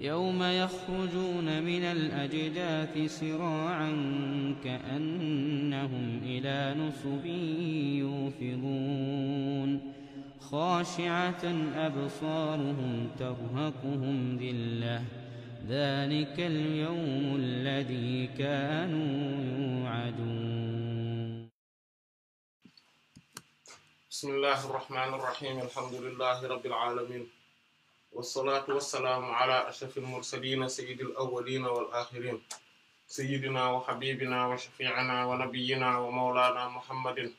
يوم يخرجون من الأجداث سراعا كأنهم إلى نصب يوفضون خاشعة أبصارهم ترهقهم ذلة ذلك اليوم الذي كانوا يوعدون بسم الله الرحمن الرحيم الحمد لله رب العالمين wasalaatu wasalaamu ala ashrafil mursalina sayyidil awwalina wal axirin sayyidina wa xabibina wa shafiicina wa nabiyina wa mawlaana muhammadin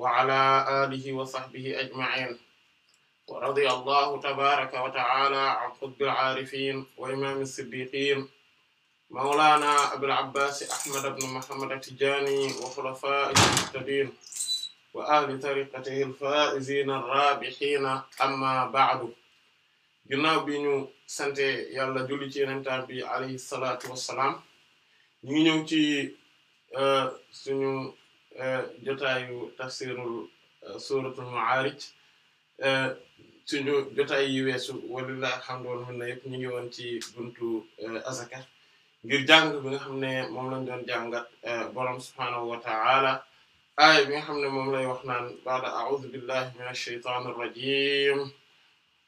wa ala alihi wa sahbihi ajmaciin wa radiya allahu tabaaraka wa tacaala an qutbil caarifiin wa imaami siddiqiin mawlaana abil cabbaasi ahmad ibn muhammad at-tijaani wa xulafaa'ihi al-muhtadiin wa ahli tariiqatihi al-faa'iziina ar-raabihiina amma bacdu ginnaaw bi ñu sante yàlla julli ci yenentaan bi alayhi salaatu wassalaam ñu ngi ñëw ci euh, suñu euh, jotaayu tafsirul euh, suratul ma'arij suñu jotaay yi weesu walillahi alhamdu wal ñu ngi woon ci buntu azaka ngir jàng bi nga xam ne moom lañ doon jàngat borom subhaanahu wa ta'ala bi nga xam ne moom lay wax naan ba'da a'udhu billahi minash shaytanir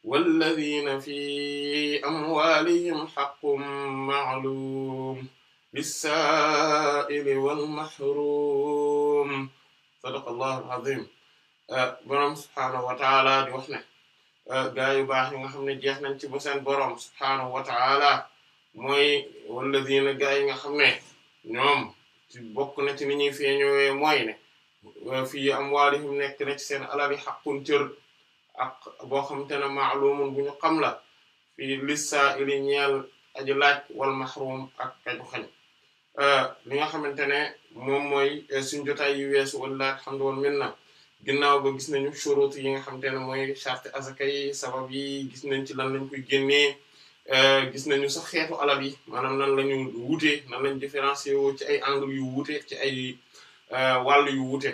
والذين في أموالهم حق معلوم للسائل والمحروم صدق الله العظيم borom subhaanahu wa taala di wax ne euh, gaa yu baax yi nga xam ne jeex nañ ci ba seen borom subhaanahu wa taala mooy walladina gaa yi nga xam ne ñoom ci bokk na ci ni ñuy feeñoowee mooy ne euh, fii amwaalihim nekk na ci seen alal yi xaqun cër ak boo xamante ne maalumun bu ñu xam la fi lis-sa'ili ñeel aji laaj wal mahrum ak aju xañ euh, li nga xamante ne moom mooy euh, suñ jotaay yu weesu walla alhamdu wal minna ginnaaw ba gis nañu shurut yi nga xamante ne mooy charte azaka yi sabab yi gis nañ ci lan lañ koy génnee euh, gis nañu sax xeetu alal yi maanaam nan lañu wuute nan lañ différencier woo ci ay angle yu wuute ci ay wàll yu wuute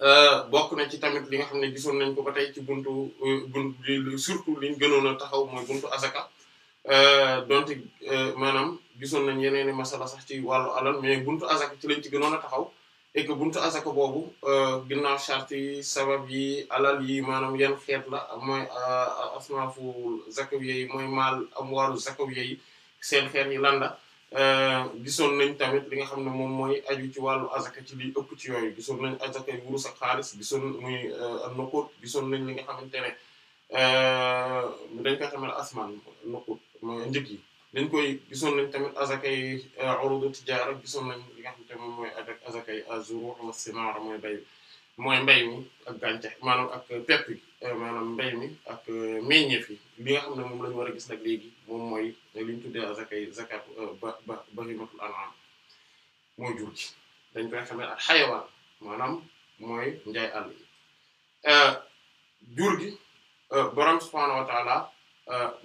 Euh, bokk na ci tamit li nga xam ne gisoon nañ ko ba tey ci buntu euh, buntu surtout liñ gënoon a taxaw mooy buntu azaka euh, donte maanaam gisoon nañ yeneeni masala sax ci wàllu alal mais buntu azaka ci lañ ci gënoon a taxaw et que buntu azaka boobu ginnaaw charte yi sabab yi alal yi maanaam yan xeet la mooy asnaafu zakawiya yi mooy maal amwaalu zakawiya yi seen xeet yi landa Euh, gisoon nañ tamit li nga xam ne moom mooy aju ci wàllu azaka ci liy ëpp ci yooyu gisoon nañ azaka yu wurus ak xaalis gisoon muy euh, nuqut gisoon nañ li nga xamante ne euh, dañ koy xamal asmaan nuqut njëg yi dañ koy gisoon nañ tamit a yi urudu tijaara gisoon nañ li nga xamante moom mooy azaka yi azuru ma simaara mooy bay mooy mbay mi ak gàncax maanaam ak pepp yi euh, maanaam mbay mi ak euh, meññeef yi li nga xam ne moom la ñu war a gis nag léegi moom mooy li ñu tuddee zakay zakat euh, ba ba bahimatul an'am mooy jur gi dañ koy xamee ak mooy jur gi borom subhaanahu wa ta'ala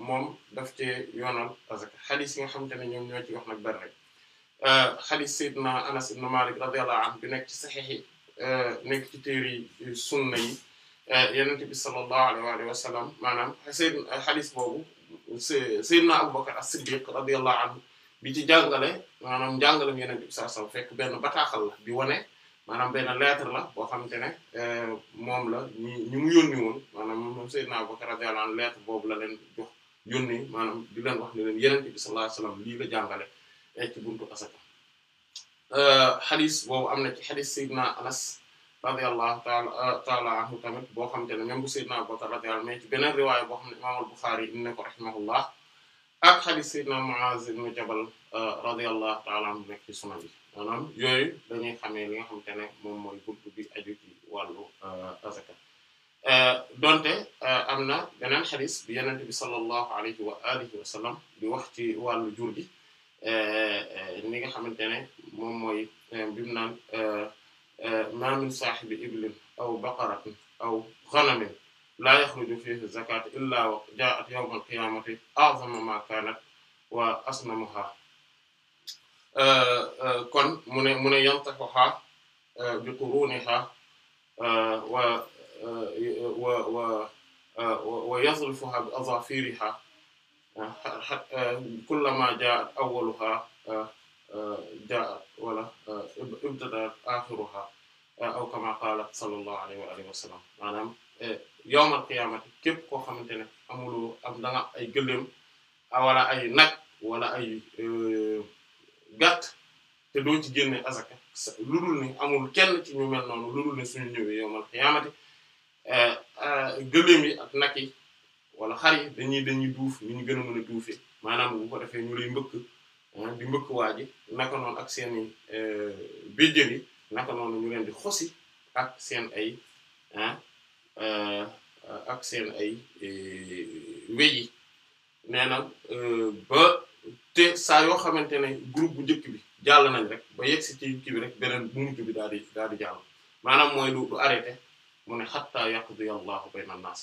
moom daf cee yoonal azaka xadis yi nga xamante ne ñoom ñoo ci wax nag dara rek xadis sayyidina Anas ibn Malik radiyallahu anhu bi nekk ci saxiix E, nekk ci téere yi sunna yi e, yonent bi sallallahu alayhi wa sallam maanaam seen xadis boobu Seydina Abubakar as-Siddiq radiyallahu anhu bi ci jàngale maanaam jàngalem yonent bi sallallahu alayhi wa sallam fekk benn bataaxal la bi wane maanaam benn lettre la boo xamante ne e, moom la ñu ñu mu yónni woon maanaam moom Seydina Abubakar radiyallahu anhu lettre boobu la leen jox yónni maanaam di leen wax ne leen yonent bi sallallahu wa sallam lii la jàngale ci buntu Euh, xadis boobu am na ci xadis Seydina Anas radiyallahu ta'ala euh, ta'ala anhu tamit boo xamante ne même bu Seydina Abu Bakr radiyallahu mais ci beneen riwaaya boo xam ne imaam al-Bukhari indi na ko rahimahullah ak xadis Seydina Mu'az ibn Jabal euh, radiyallahu ta'ala anhu nekk ci sunan bi maanaam yooyu dañuy xamee li nga xamante ne moom mooy buntu bi aju ci wàllu azaka donte am na beneen xadis bi Yonent bi sallallahu alayhi wa alihi wa sallam di wax ci wàllu jur gi ni nga xamante ne moom mooy eh, bi mu naan eh, eh, ma min saahibi iblin aw baqaratin aw ghanamin la yakhruju fihi zakatu illa wa ja'at yawm al-qiyamati a'zama ma kanat wa asnamuha kon mu ne mu ne yantahuha bi quruniha wa wa wa wa yazrifuha bi azafiriha kullama ja'at awwaluha jaa wala ibtadaat axiruha aw kama qaala sallallahu alayhi wa alihi wa sallam maanaam yawmal képp koo xamante ne amuloo am da ay gëléem wala ay nag wala ay gàtt te doo ci génne azaka lu ni amul kenn ci ñu mel noonu lu dul suñu ñëwee yawmal qiyaamati gëléem yi ak nag yi wala xar yi dañuy dañuy duuf ñu gën a mën a duufee maanaam bu ko defee ñu lay mbëkk maanaam di mbëkk waa ji naka noonu ak seen i euh, béjjën yi naka noonu ñu leen di xosi ak seen ay ah ak seen ay euh, wéy nee na ba te saa yoo xamante ne groupe bu njëkk bi jàll nañ rek ba yegg si ci kii bi rek beneen bu mujj bi daal di daal di jàll maanaam mooy du du arrêté mu ne hatta yaqdi Allahu bayna an-nas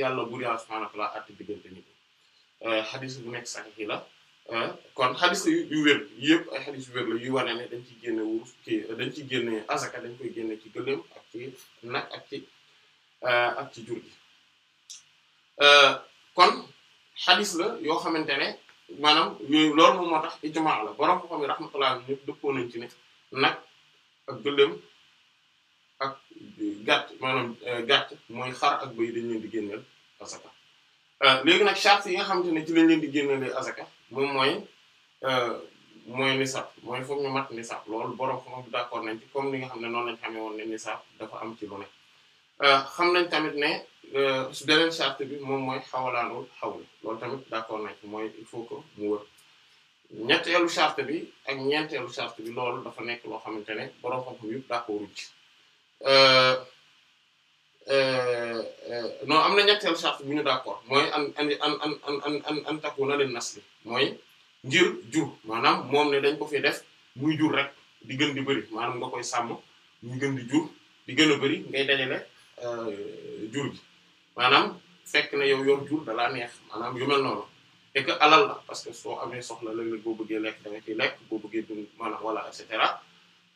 yàlla buri subhanahu wa ta'ala àtte diggante nit ñi bu nekk saxiix la. kon xadis la yëpp ay xadis yu wér dañ ciy génne kii dañ ciy génne asaka dañ ci gëléem ak ci ak ci euh, ci jur euh, kon xadis la yoo xamante ne maanaam yooyu loolu moom moo tax ijmaa la borom ko xam ne rahmatullah ñëpp dëppoo nañ ci ne nag ak gëléem ak gàtt maanaam euh, gàtt mooy xar ak bëy dañ leen di génneel asaka léegi nag charte yi nga xamante ne ci lañ leen di génnelee asaka moom mooy euh, mooy nisab mooy foog ñu mat nisab loolu borom xam d'accord nañ ci comme ni nga xam ne noon lañ xamee woon ne nisab dafa am ci lu ne euh, xam nañ tamit ne su euh, beneen charte bi moom mooy xawalaanul xaw loolu tamit d'accord nañ mooy il faut que mu wër ñetteelu charte bi ak ñeenteelu charte bi loolu dafa nekk loo xamante ne borom xam-xam yëpp d'accord ci Euh, euh, no am na ñetteel charte bu ñu d'accord mooy an an an an an an takuna leen nas li mooy ngir jur maanaam moom ne dañ ko fi def muy jur rek di gën di bëri maanaam nga koy sàmm muy gën di jur di gën a bëri ngay dajale euh, jur gi maanaam fekk na yow yor jur dalaa neex maanaam yu mel noonu et que alal la parce que soo amee soxla léeg-léeg boo bëggee lekk da nga ciy lekk boo bëggee dund maanaam wala et cetera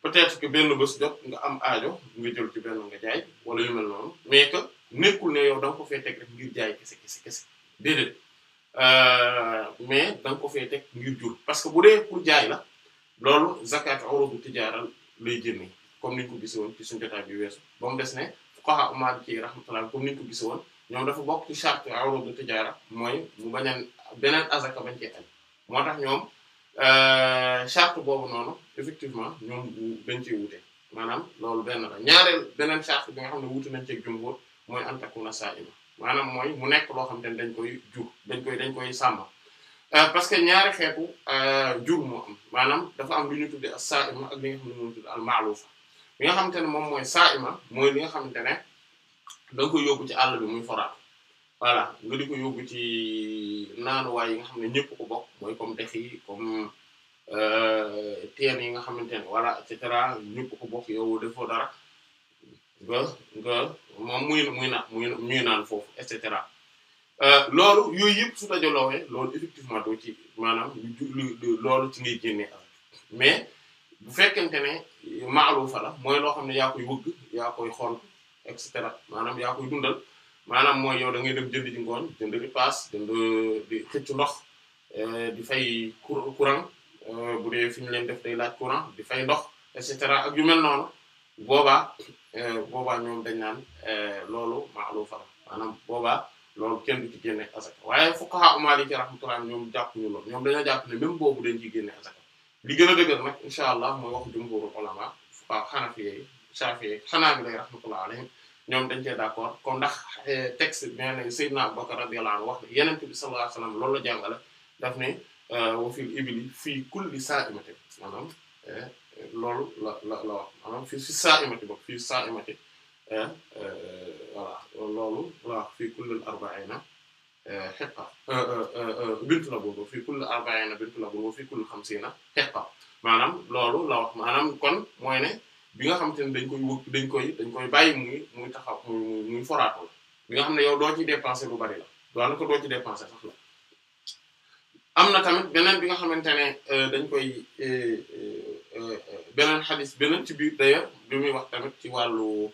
peut-être que benn bés jot nga am aajo nga jël ci benn nga jaay wala yu noonu mais que nekkul ne yow da nga ko fee teg rek ngir jaay kese kese kese euh, mais da ko fee teg ngir jur parce que bu dee pour jaay la loolu zakat urudu tijaaral lay génne comme ni ñu ko gis woon ci suñu jotaay bi weesu ba mu des ne fuqaha umar ci rahmatullah comme ni ko gis woon ñoom dafa bokk ci charte urudu tijaara mooy mu bañ a beneen azaka bañ cee aju moo tax ñoom euh, boobu noonu effectivement ñoom dañ cee wute maanaam loolu benn la ñaareel beneen charte bi nga xam ne wuute nañ ceeg jumhur mooy an takuna saa'ima maanaam mooy mu nekk loo xam te ne dañ koy jur dañ koy dañ koy sàmm euh, parce que ñaari xeetu euh, jur moo maanaam dafa am lu ñu tudde ak li nga xam ne moom nga xamante ne moom mooy saa'ima mooy li nga xamante ne da nga koy yóbbu ci àll bi muy foraat voilà nga di ko yóbbu ci naanuwaay yi nga xam ne ñëpp ko bokk mooy comme dex Euh, teen yi nga xamante ne voilà et cetera ñëpp ko bokk yow defoo dara nga nga muy muy na muy ñuy naan foofu et cetera euh, loolu yooyu yëpp su dajaloowee loolu effectivement doo ci maanaam loolu ci nga génnee ak mais bu fekkente ne maalufa la mooy loo xam ne yaa koy wëgg yaa koy xool et cetera maanaam yaa koy dundal maanaam mooy yow da ngay dem jënd ji ngooñ jënd ripaas jënd di ndox euh, di fay courant Euh, bu dee fi ñu leen def day laaj courant di fay ndox et cetera ak yu mel noonu boobaa euh, boobaa ñoom dañ naan euh, loolu ma'lufa la maanaam boobaa loolu kenn du ci génne asaka waaye fuqaha a rahmatullah ñoom jàppuñu loolu ñoom dañoo jàpp ne même boobu dañ ciy génne li gën a dëgër nag allah mooy wax jumhurul ulama fuqaha Hanafiyyi ñoom dañ cee d'accord kon ndax texte bi nga ne Seydina Abubakar radiyallahu anhu wax ne Yonent bi sallallahu alayhi wasallam loolu la jàngale daf ne Euh, wa fil ibili fii kulli sa'imatin maanaam eh, loolu la la la wax maanaam fii si sa'imati bok fii sa'imati eh, eh, voilà loolu la wax fii kullil arba'ina hiqqa bintu labul wa fii kulli arba'ina bintu labul wa fii kulli xamsiina hiqqa maanaam loolu la wax maanaam kon mooy ne bi nga xam xamante ne dañ koy wëkk dañ koy dañ koy bàyyi muy muy taxaw muy muy foraatu la bi nga xam ne yow doo ci dépenser lu bari la doo na ko doo ci dépenser sax la am na tamit beneen bi nga xamante ne euh, dañ koy euh, euh, beneen xadis beneen ci biir d'ailleurs bi muy wax tamit ci wàllu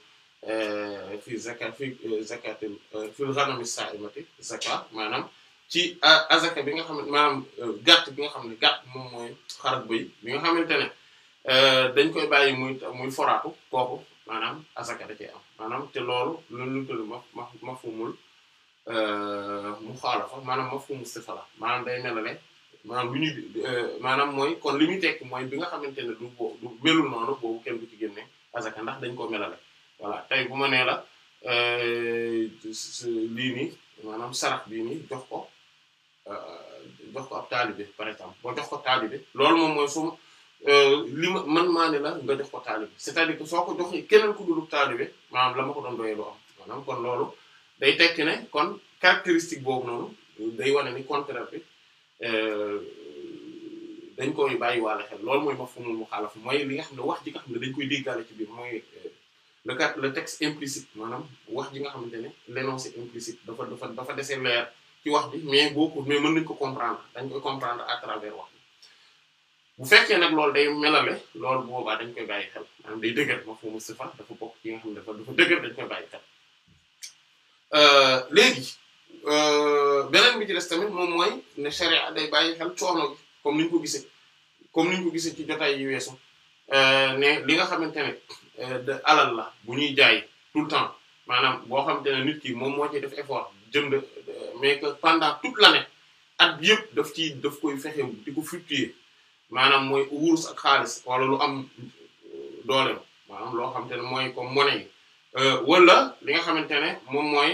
fi zakat fi zakatil fil ghanami sa'imati zakat maanaam ci azaka bi nga xam ne maanaam gàtt bi nga xam ne gàtt moom mooy xarak bëy bi nga xamante ne dañ koy bàyyi muy muy foraatu kooku maanaam azaka da cee am maanaam te loolu loolu lu tëdd ma ma ma fumul mu xaalafa maanaam mafhumu sifa la maanaam day melale maanaam lu ñuy euh, maanaam mooy kon li muy tekki mooy bi nga xamante ne du boo du melul noonu boobu kenn du ci génne asaka ndax dañ koo melale voilà tey bu ma nee la euh, lii nii maanaam sarax bii nii jox ko euh, jox ko ab taalibe par exemple boo jox ko taalibe loolu moom mooy suma li ma man maa ne la nga jox ko taalibe c'est-à-dire que soo ko joxee keneen ku dulub taalibe maanaam la ma ko doon doyee lu am maanaam kon day tekki ne kon caractéristique boobu noonu day wane ni contraire bi euh, dañ koy bàyyiwaale xel loolu mooy mafhumul muxaalaf mooy li nga xam ne wax ji nga xam ne dañ koy déggaale ci biir mooy euh, le cas le texte implicite maanaam wax nga xamante ne l'énoncé implicite dafa dafa dafa dese leer ci wax bi mais boo ko mais mën nañ ko comprendre dañ koy comprendre à travers wax bi bu fekkee nag loolu day melale loolu boobaa dañ koy bàyyi xel maanaam day dëgër mafhumu sifa dafa bokk ci nga xam ne dafa dafa dëgër dañ koy bàyyi xel. Euh, léegi euh, beneen bi ci des tamit moom mooy ne sharia day bàyyi xel coono gi comme ni ñu ko gisee comme ni ñu gisee ci jotaay yu weesu euh, ne li nga xamante ne de alal la bu ñuy jaay tout le temps maanaam boo xamante ne nit ki moom moo ci def effort jënd mais que tout la l'année at yëpp daf ci daf koy fexe di ko fluctuer maanaam mooy wurus ak xaalis wala lu am dooleem maanaam loo xamante ne mooy comme monnaie Euh, wala li nga xamante ne moom mooy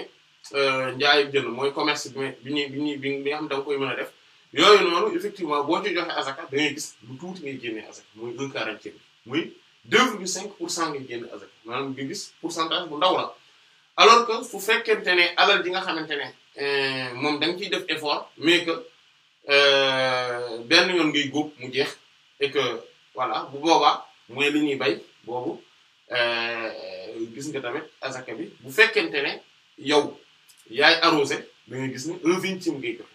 euh, njaayu jënd mooy commerce bi ñuy bi ñuy bi nga xam da nga koy mën a def yooyu noonu effectivement boo ci joxe azaka da ngay gis lu tuuti ngay génnee azaka muy un quarantième muy deux virgule cinq pour cent ngay génne azaka maanaam nga gis pourcentage bu ndaw la alors que fu fekkente ne alal ji nga xamante ne euh, moom da nga def effort mais que benn yoon ngi góob mu jeex et que voilà bu boobaa mooy li ñuy bay boobu. gis nga tamit azaka bi bu fekkente ne yow yaay arrosé da nga gis ne un vingtième ngay joxe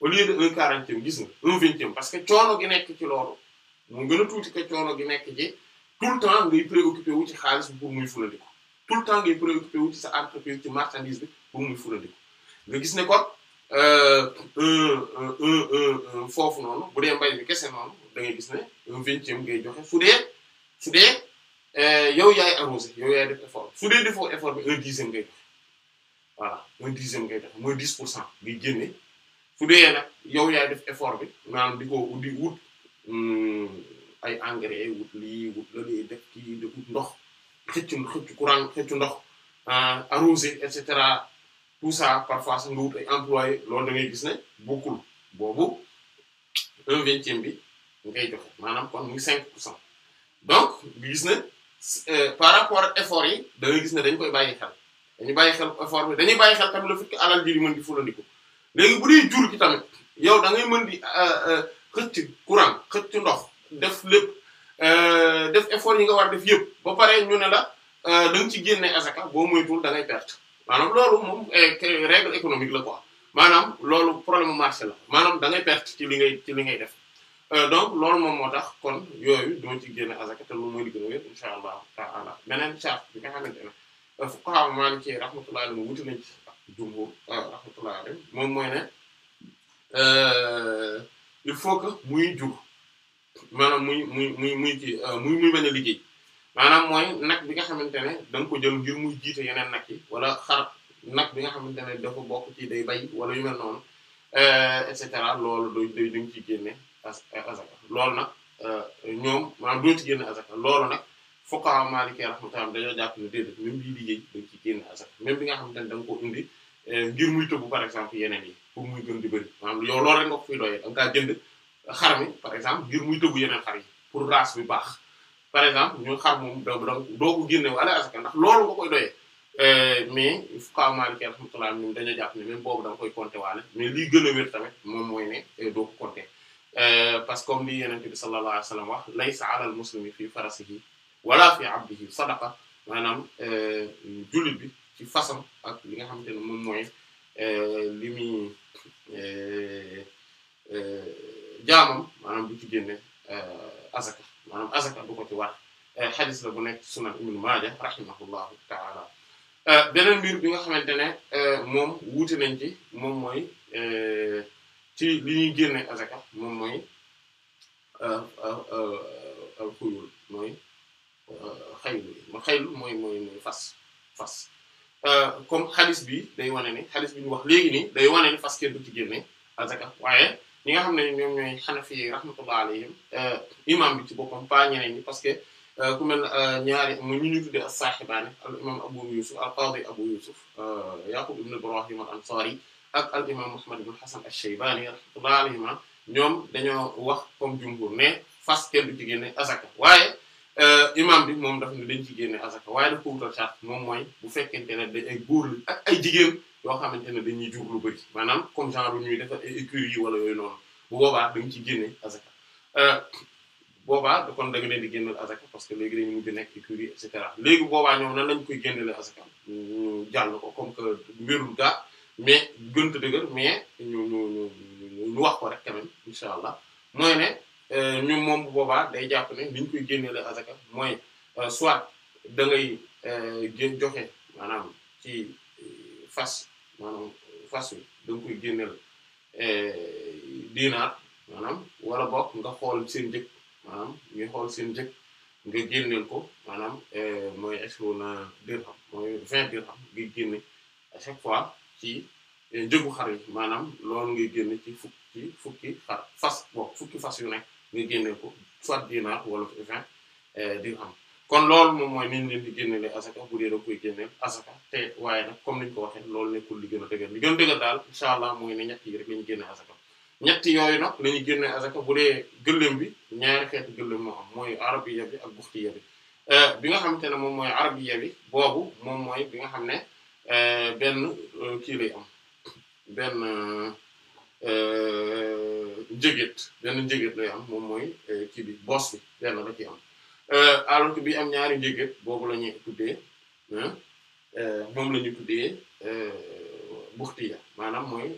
au lieu de un quarantième gis nga un vingtième parce que coono gi nekk ci mu gën tuuti que coono gi nekk ci tout le temps ngay préoccupé xaalis bi pour fulandiku tout le temps ngay préoccupé sa entreprise ci marchandise pour muy fulandiku nga gis ne kon euh, foofu noonu un vingtième ngay joxe fu dee Eh, yow yaay arrosé yow yaay def effort su dee defoo effort bi un dixième ngay def voilà un dixième ngay def mooy dix pour cent ngay génne su dee nag yow yaay def effort bi maanaam di ko di wut hmm, ay engrais wut lii wut la lii def kii wut ndox xëccu xëccu courant xëccu ndox ah, arrosé et cetera tout ça parfois nga wut ay employé loolu da gis ne bokkul boobu un vingtième bi ngay joxe maanaam kon muy cinq pour cent donc gis ne. Euh, par rapport ak effort yi da gis ne dañu koy bàyyi xel dañuy bàyyi xel effort bi dañuy bàyyi xel tamit la fukki que alal ji di mën di fulandiku léegi bu dee jur gi tamit yow da ngay mën di euh, euh, xëcc courant xëcc ndox def lépp def effort yi nga war def yëpp ba pare ñu ne la da ci génne asaka boo moytuwul da ngay perte maanaam loolu moom règle économique la ko maanaam loolu problème marché la maanaam da ngay perte ci li ngay ci li ngay def Euh, donc loolu moom moo tax kon yooyu doo ci génne azaka te loolu mooy li gën a wér insha allahu taala beneen charte bi nga xamante ne euh, fuqaha maliki rahmatullahi alayhi wuti nañ moom mooy ne euh, il muy jur maanaam muy muy muy muy muy muy bañ a liggéey maanaam mooy nag bi nga xamante ne da ko jël ngir muy jiite yeneen nag yi wala xar nag bi nga xamante ne dafa bokk ci day bay wala yu mel noonu et cetera loolu day day dañ ciy génne. Eh, azaka loolu nag eh, ñoom maanaam doo ci génne azaka loolu nag fuqaha maliki rahmatullah dañoo jàpp ne déedéet même bii di yëy dañ ci génne azaka même bi nga xam ne da nga ko indi eh, ngir muy tëbu par exemple yeneen yi pour muy gën di bëri xar par exemple ngir muy tëbu yeneen xar yi pour race bi baax par exemple ñu xar moom da da doo ko génne wala azaka ndax loolu nga koy doyee mais fuqaha maliki rahmatullah ñoom dañoo jàpp ne même boobu da koy compter waale mais lii gën a wér tamit moom mooy ne doo ko Euh, parce que comme li yenente bi sallallahu alayhi wa sallam wax laysa ala al muslimi fi farasihi wala fi abdihi sadaqa maanaam euh, jullit bi ci façon ak li nga xamante ne moom mooy euh, li muy jaamam maanaam bu ci génne azaka maanaam azaka du ko ci war xadis la bu nekk sunan ibn Maaja rahimahullahu taala beneen mbir bi nga xamante ne moom wuute nañ ci moom mooy ci li ñuy génne azaka moom mooy xuyul euh, euh, euh, mooy xaylu ma xaylu mooy mooy mooy fas fas comme xalis bi day wane ni xaalis bi ñu wax léegi ni day wane ni fas kenn du ci génne azaka waaye ñi nga xam ne ñoom ñooy xanafi yi rahmatullah alayhim imam bi ci boppam pas ñeneen ñi parce que ku mel ñaari mu ñu ñu tudde as-Saaxibaani al imam Abu Yusuf al qaadi Abu Yusuf Yaqub ibn Ibrahim al Ansari ak al imam Muhammad ibn Hasan ash-Shaybani rahmatullahi ma ñoom dañoo wax comme jumhur ne fas kenn du ci génne azaka waaye euh, imam bi moom daf ne dañ ci génne azaka waaye daf ko wutal charte moom mooy bu fekkente ne dañ ay góor ak jigéen yoo xamante ne dañuy jur lu bari maanaam comme genre ñuy defar ay écuries yi wala yooyu noonu bu boobaa dañ ci génne azaka euh, boobaa kon da nga di génneel azaka parce que léegi dañu mujj nekk écurie et cetera léegi boobaa ñoom nan lañ koy le azaka ñu jàll ko comme que mbirul gaa mais gënt dëgër mais ñu ñu ñu ñu wax ko rek quand même allah mooy ne euh, ñu moom boobaa day jàpp ne liñ koy génneele azaka mooy euh, soit da ngay euh, gén joxe maanaam ci fas fas wi da nga koy génneel diinaar maanaam wala bokk nga xool seen njëg maanaam nga xool seen njëg nga génneel ko maanaam mooy asro na dirham mooy vingt dirham nga génne à chaque fois ci eh, njëgu xar yi maanaam lool ngay génne ci fukki fukki xar fas bok fukki fas yu nekk nga génne ko soit dinaar wala vingt eh, dirham kon loolu moom mooy niñ leen di génnele asaka bu dee da koy génneel asaka te waaye nag ko waxee loolu nekkul li gën a dëgër li a dëgër daal incha allah mooy ne ñett yi rek la ñu génne asaka gëléem bi ñaari xeetu gëléem moo mooy arabiya bi ak buxtiya bi eh, bi nga xamante ne moom mooy arabiya bi boobu moom mooy bi nga xam ne Euh, benn euh, kii lay am benn euh, njëgët benn njëgët lay am moom mooy kii bi bos bi benn la ciy am alors bi am ñaari njëgët boobu la ñuy tuddee moom la ñuy tuddee buxtiya maanaam mooy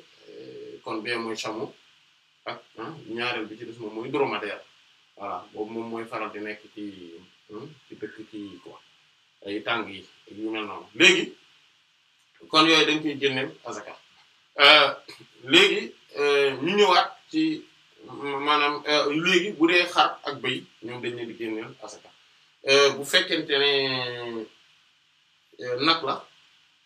kon bee mooy chameau ak ñaareel bi ci des moom mooy dromadaire voilà boobu moom mooy faral di nekk ci ci dëkk ci quoi ay tàng yi yu mel noonu léegi. kon yooyu dañ koy génneel azaka euh, léegi euh, ñu ñëwaat ci maanaam euh, léegi bu dee xar ak bëy ñoom dañ leen di génneel azaka bu fekkente ne nag la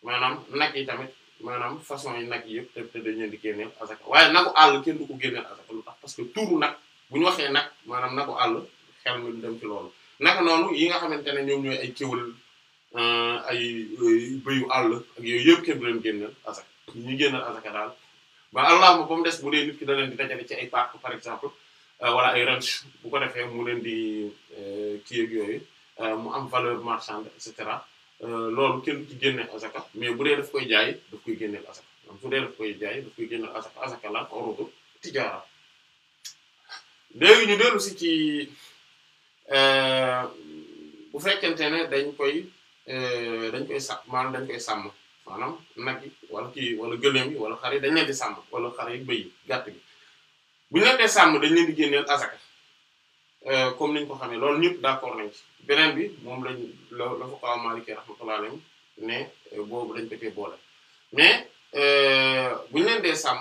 maanaam nag yi tamit maanaam façon yi nag yi te dañ leen di génneel azaka waaye nagu àll kenn du ko génneel azaka lu tax parce que tuuru nag bu ñu waxee nag maanaam nagu àll xel mi dem ci loolu naka noonu yi nga xamante ne ñoom ñooy ay kéwal Euh, ay euh, bëyu àll ak yooyu yëpp kenn du leen génneel asak ñi génneel asaka daal ba allahuma ba mu des bu dee nit ki da leen di dajale ci ay parc par exemple euh, wala ay ranch bu ko defee mu leen di kii ak yooyu mu am valeur marchande et cetera loolu kenn ci génneel asaka mais bu dee daf koy jaay daf koy génneel asaka bu dee daf koy jaay koy génneel asaka asaka la orudu tijaara léegi ñu dellu si ci bu fekkente ne dañ koy Eh, dañ koy sàmm maanaam dañ koy sàmm maanaam nag yi wala kii wala gëléem yi wala xar yi dañ leen di sàmm wala xar yi bëy yi gàtt bi bu ñu leen dee sàmm dañ leen génneel azaka eh, comme niñ ko xamee loolu ñëpp d'accord nañ ci beneen bi moom lañ la la fuqaha maliki rahmatullahi alayhim ne eh, boobu dañ ko boole mais bu ñu leen dee sàmm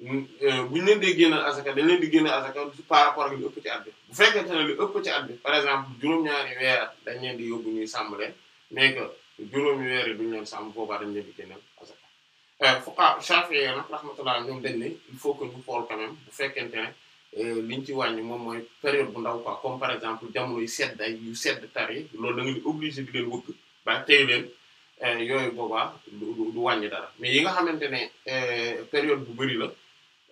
Mm, euh, bu ñu leen dee génneel asaka dañ leen di génneel asaka par rapport ak li ëpp ci at bu fekkente ne li ëpp ci at bi par exemple juróom-ñaari weer dañ leen di yóbbu ñuy sàmm leen mais que juróomi weer yi duñ leen sàmm boobaa dañ leen di génneel asaka euh, fuqa Shafi'i nag rahmatullah ñoom dañ ne il faut que ñu xool quand même bu fekkente euh, li ñu ci wàññi moom mooy période bu ndaw quoi comme par exemple jamono yu sedd ay yu sedd tar yi loolu da nga di obligé di leen wëgg yooyu boobaa du wàññi dara mais yi nga xamante ne période bu bari la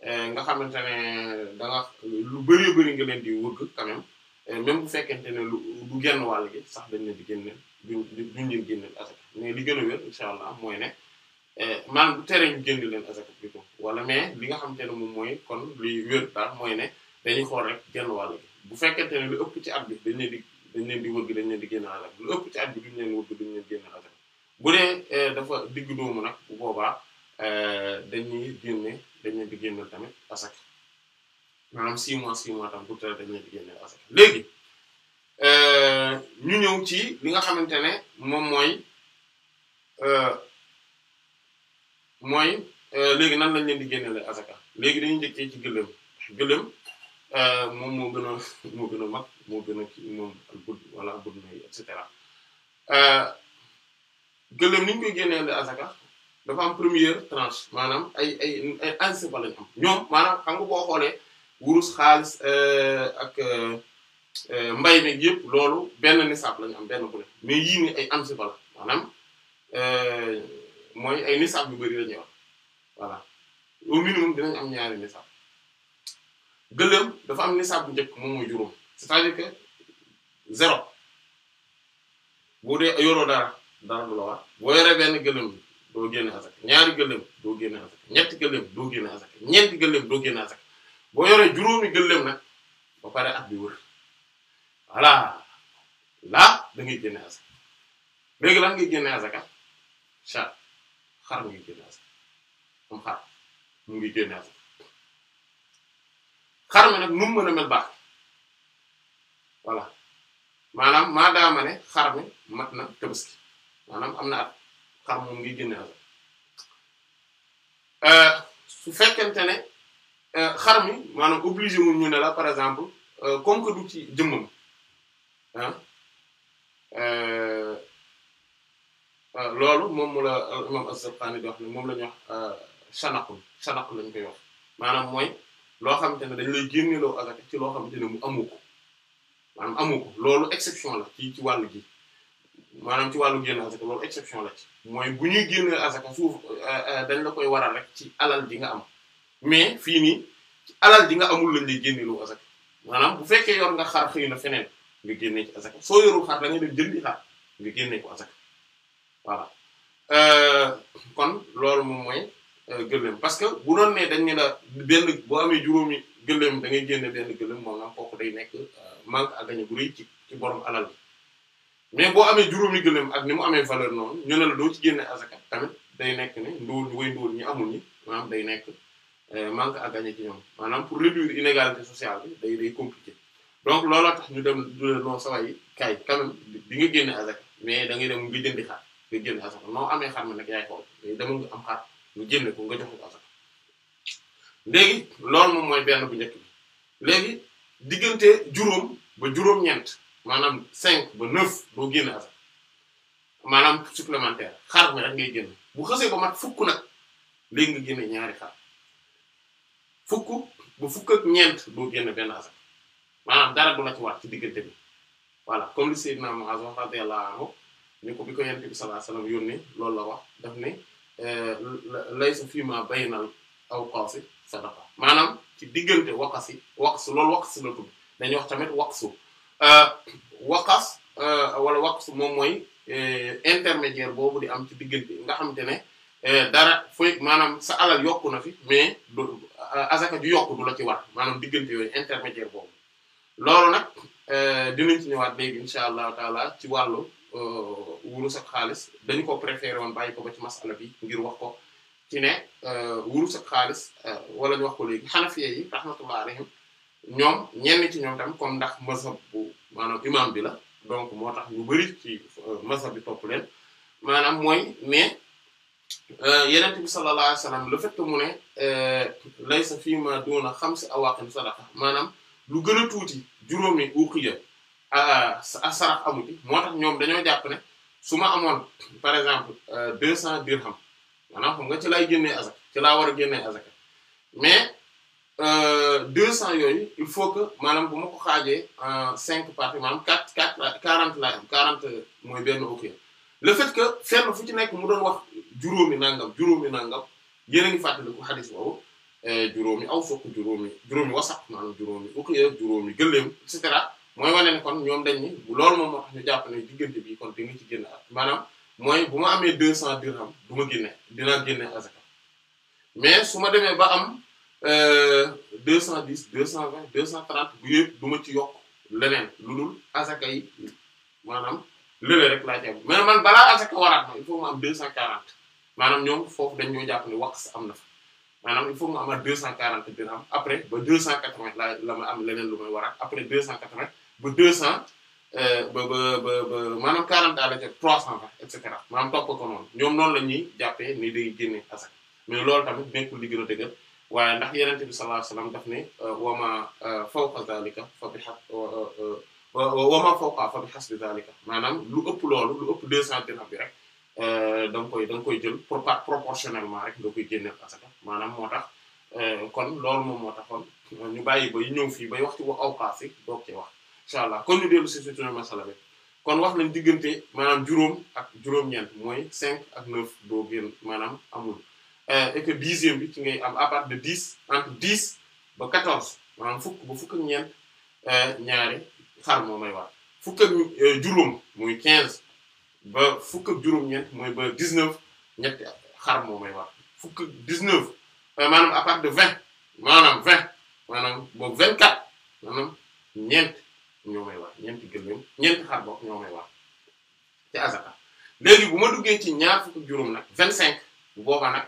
Eh, nga xamante ne da nga lu bari bari nga leen di wëgg quand eh, même bu fekkente ne lu du genn wàll gi sax dañ leen di génne duñ duñ leen génneel asaka mais li gën a wér incha mooy ne eh, maanaam bu tere ñu génne leen asaka bi ko wala mais li nga xamante ne moom mooy kon li wér daal mooy ne dañuy xool rek genn wàll gi bu fekkente ne lu ëpp ci at bi dañ leen di dañ leen di wëgg dañ leen di génne asaka ci at bi duñ leen wëgg duñ leen génne asaka bu dee dafa digg doomu nag bu boobaa dañuy génne dañ leen di tamit asak maanaam 6 mois 6 mois tam bu tawee dañ leen di génneel léegi euh, ñu ñëw ci li nga xamante ne moom mooy euh, mooy euh, léegi nan lañ leen di génneel asaka léegi dañuy njëkkee ci gëléem gëléem moom moo gën a moo gën a mag moo gën a budd wala budd na et cetera gëléem ni ñu koy génneel asaka dafa am première tranche maanaam ay ay ay anticipation lañ am ñoom maanaam xam nga boo xoolee wurus xaalis euh, ak euh, euh, mbay mi yëpp loolu benn nisab lañ am benn bu ne mais yii ni ay anticipation la maanaam mooy ay nisab yu bari la ñuy wax voilà au minimum am ñaari nisab gëléem dafa am nisab bu njëkk moom mooy juróom c'est-à-dire que zéro boo dee yoroo dara dara du la war boo yoree benn gëléem bi doo génne ñaari gëléem doo génne asaka ñetti gëléem doo génne asaka ñeenti gëléem doo génne asaka boo yoree juróomi gëléem nag ba pare at bi wër voilà là da ngay génne asaka léegi lan ngay génne asaka chat xar ngay génne asaka am xar mu ngi génne asaka xar mi nag nu mu mën mel baax voilà maanaam maadaama ne xar mi mat na tabaski maanaam am na at xar moom ngi génne àdduna euh, su fekkente ne euh, xar mi maanaam obligé wu ñu ne la par exemple euh, comme ci jëmmam ah loolu moom mu la imam Az-Zarqaani di wax ne moom la ñuy wax shanaqul shanaq lañ koy wax maanaam mooy loo xam xamante ne dañ lay génneloo agate ci loo xamante ne mu amu ko maanaam amu loolu exception la ci ci wàllu gi maanaam ci wàllu génn asaka loolu exception la ci mooy bu ñuy génne asaka suuf euh, euh, dañ la koy waral rek ci alal ji nga am mais fii nii ci alal ji nga amul lañ lay génne lu asaka maanaam bu fekkee yor nga xar xëy na feneen nga génne ci asaka soo yorul xar da nga def jëndi xar nga génne ko asaka voilà euh, kon loolu mooy gëléem parce que bu doon ne dañ ne la benn boo amee juróomi gëléem da ngay génne benn gëléem moom la kooku day nekk manque à gagner bu rëy ci borom alal bi mais boo amee juróomi gëléem ak ni mu amee valeur noonu ñu ne la doo ci génne azaka tamit day nekk ne ndóol way ndóol ñu amul ñi maanaam day nekk euh, manque à gagner ci ñoom maanaam pour réduire inégalité sociale bi day day compliqué donc looloo tax ñu dem non saway yi kay quand même di génne azaka mais da ngay dem nga jëndi xar nga génne azaka noo amee xar ma nag yaay xool mais demal nga am xar nga jënd ko nga jox ko azaka léegi moom mooy benn bu nekk léegi diggante juróom ba juróom maanaam cinq ba neuf doo génn asaka maanaam supplémentaire xar mi rek ngay génn bu xësee ba mat fukk nag léegi nga génne ñaari xar fukk ba fukk ak ñeent doo génn benn asaka maanaam dara du la waat ci diggante bi voilà comme li Seydina Muaz wax radiyallahu anhu ni ko bi ko yent bi sallallahu alayhi wasallam yónnee loolu la wax daf ne eh, laysa fiima baynal awqaasi sadaqa maanaam ci diggante waqasi su loolu waqsu la tudd dañuy wax tamit waqsu Euh, waqaf euh, wala waqf moom mooy euh, intermédiaire boobu di am ci diggante nga xamante ne dara fooy maanaam sa alal yokku na fi mais du asaka ju yokku du la ci war maanaam diggante yooyu intermédiaire boobu loolu nag dinañ ci ñëwaat léegi incha allah taala ci wàllu wurus ak xaalis dañu ko préféré woon bàyyi ko ba ci masala bi ngir wax ko ci ne wurus ak xaalis wala ñu wax ko léegi xanafiye yi rahmatullah alayhim ñoom ñenn ci ñoom tam comme ndax mazhab bu maanaam imam bi la donc moo tax ñu bari ci euh, mazhab bi topp leen maanaam mooy mais euh, yenent bi sallallahu alayhi wasallam le fait que mu ne euh, laysa fii ma duna xamsi awaqin sadaqa maanaam lu gën a tuuti juróomi uqiya a sarax amu moo tax ñoom dañoo jàpp ne su ma amoon par exemple deux cents dirham maanaam xam nga ci laay génnee azaka ci laa war a génnee azaka mais Euh, deux cent yooyu il faut que maanaam bu ma ko xaajee en cinq parties maanaam quatre quatre quarante laa am quarante mooy benn ok le fait que fenn fu ci nekk mu doon wax juróomi nangam juróomi nangam yéen a ngi fàttaliku xadis boobu euh, juróomi aw fokk juróomi juróomi wasaq maanaam juróomi ok juróomi gëléem et cetera mooy wane ne kon ñoom dañ ni loolu moom moo tax ñu jàpp bi kon di nga ci génne mooy bu ma amee deux cent dirham du ma génne dinaa génne azaka mais su ma demee ba am. Euh, deux cent dix deux cent vingt deux cent trente bu yëpp du ma ci yokk leneen lu dul asaka yi maanaam lële rek laa ci mais man balaa asaka waraat ma il faut ma am deux cent quarante maanaam ñoom foofu dañ ñoo jàpp ni wax am na fa maanaam il faut ma amaat deux cent quarante dirham après ba deux cent quatre-vingts la la ma am leneen lu may waraat après deux cent quatre-vingts ba deux cent euh, ba ba ba ba maanaam quarante daal la ca trois cent vingt et cetera maanaam topp ñoom noonu la ñuy jàppee ni day génne asaka mais loolu tamit nekkul li gën waaye ndax yenente bi sallallahu alayhi wasallam daf ne wama uh, fawqa zalika fa bi haq wama uh, uh, fawqa fa bi hasbi zalika maanaam lu ëpp loolu lu ëpp deux cent dirham bi rek da koy da nga koy jël proportionnellement rek nga koy génneel asaka maanaam moo tax kon loolu moom moo taxoon ñu bàyyi ba ñëw fii bay wax ci wax awqaas yi doog ci wax incha allah kon ñu dellu si suñu masala bi kon wax nañ diggante maanaam juróom ak juróom-ñeent mooy cinq ak neuf doo génn maanaam amul Eh, et que dixième bi ci ngay am de dix entre dix ba quatorze maanaam fukk ba fukk ak ñeent eh, ñaari xar moo may wax fukk eh, juróom muy quinze ba fukk ak juróom-ñeent mooy ba dix-neuf ñetti xar de vingt maanaam vingt maanaam boobu vingt-quatre maanaam ñeent bu ma duggee ci ñaar juróom nag vingt-cinq bu boobaa nag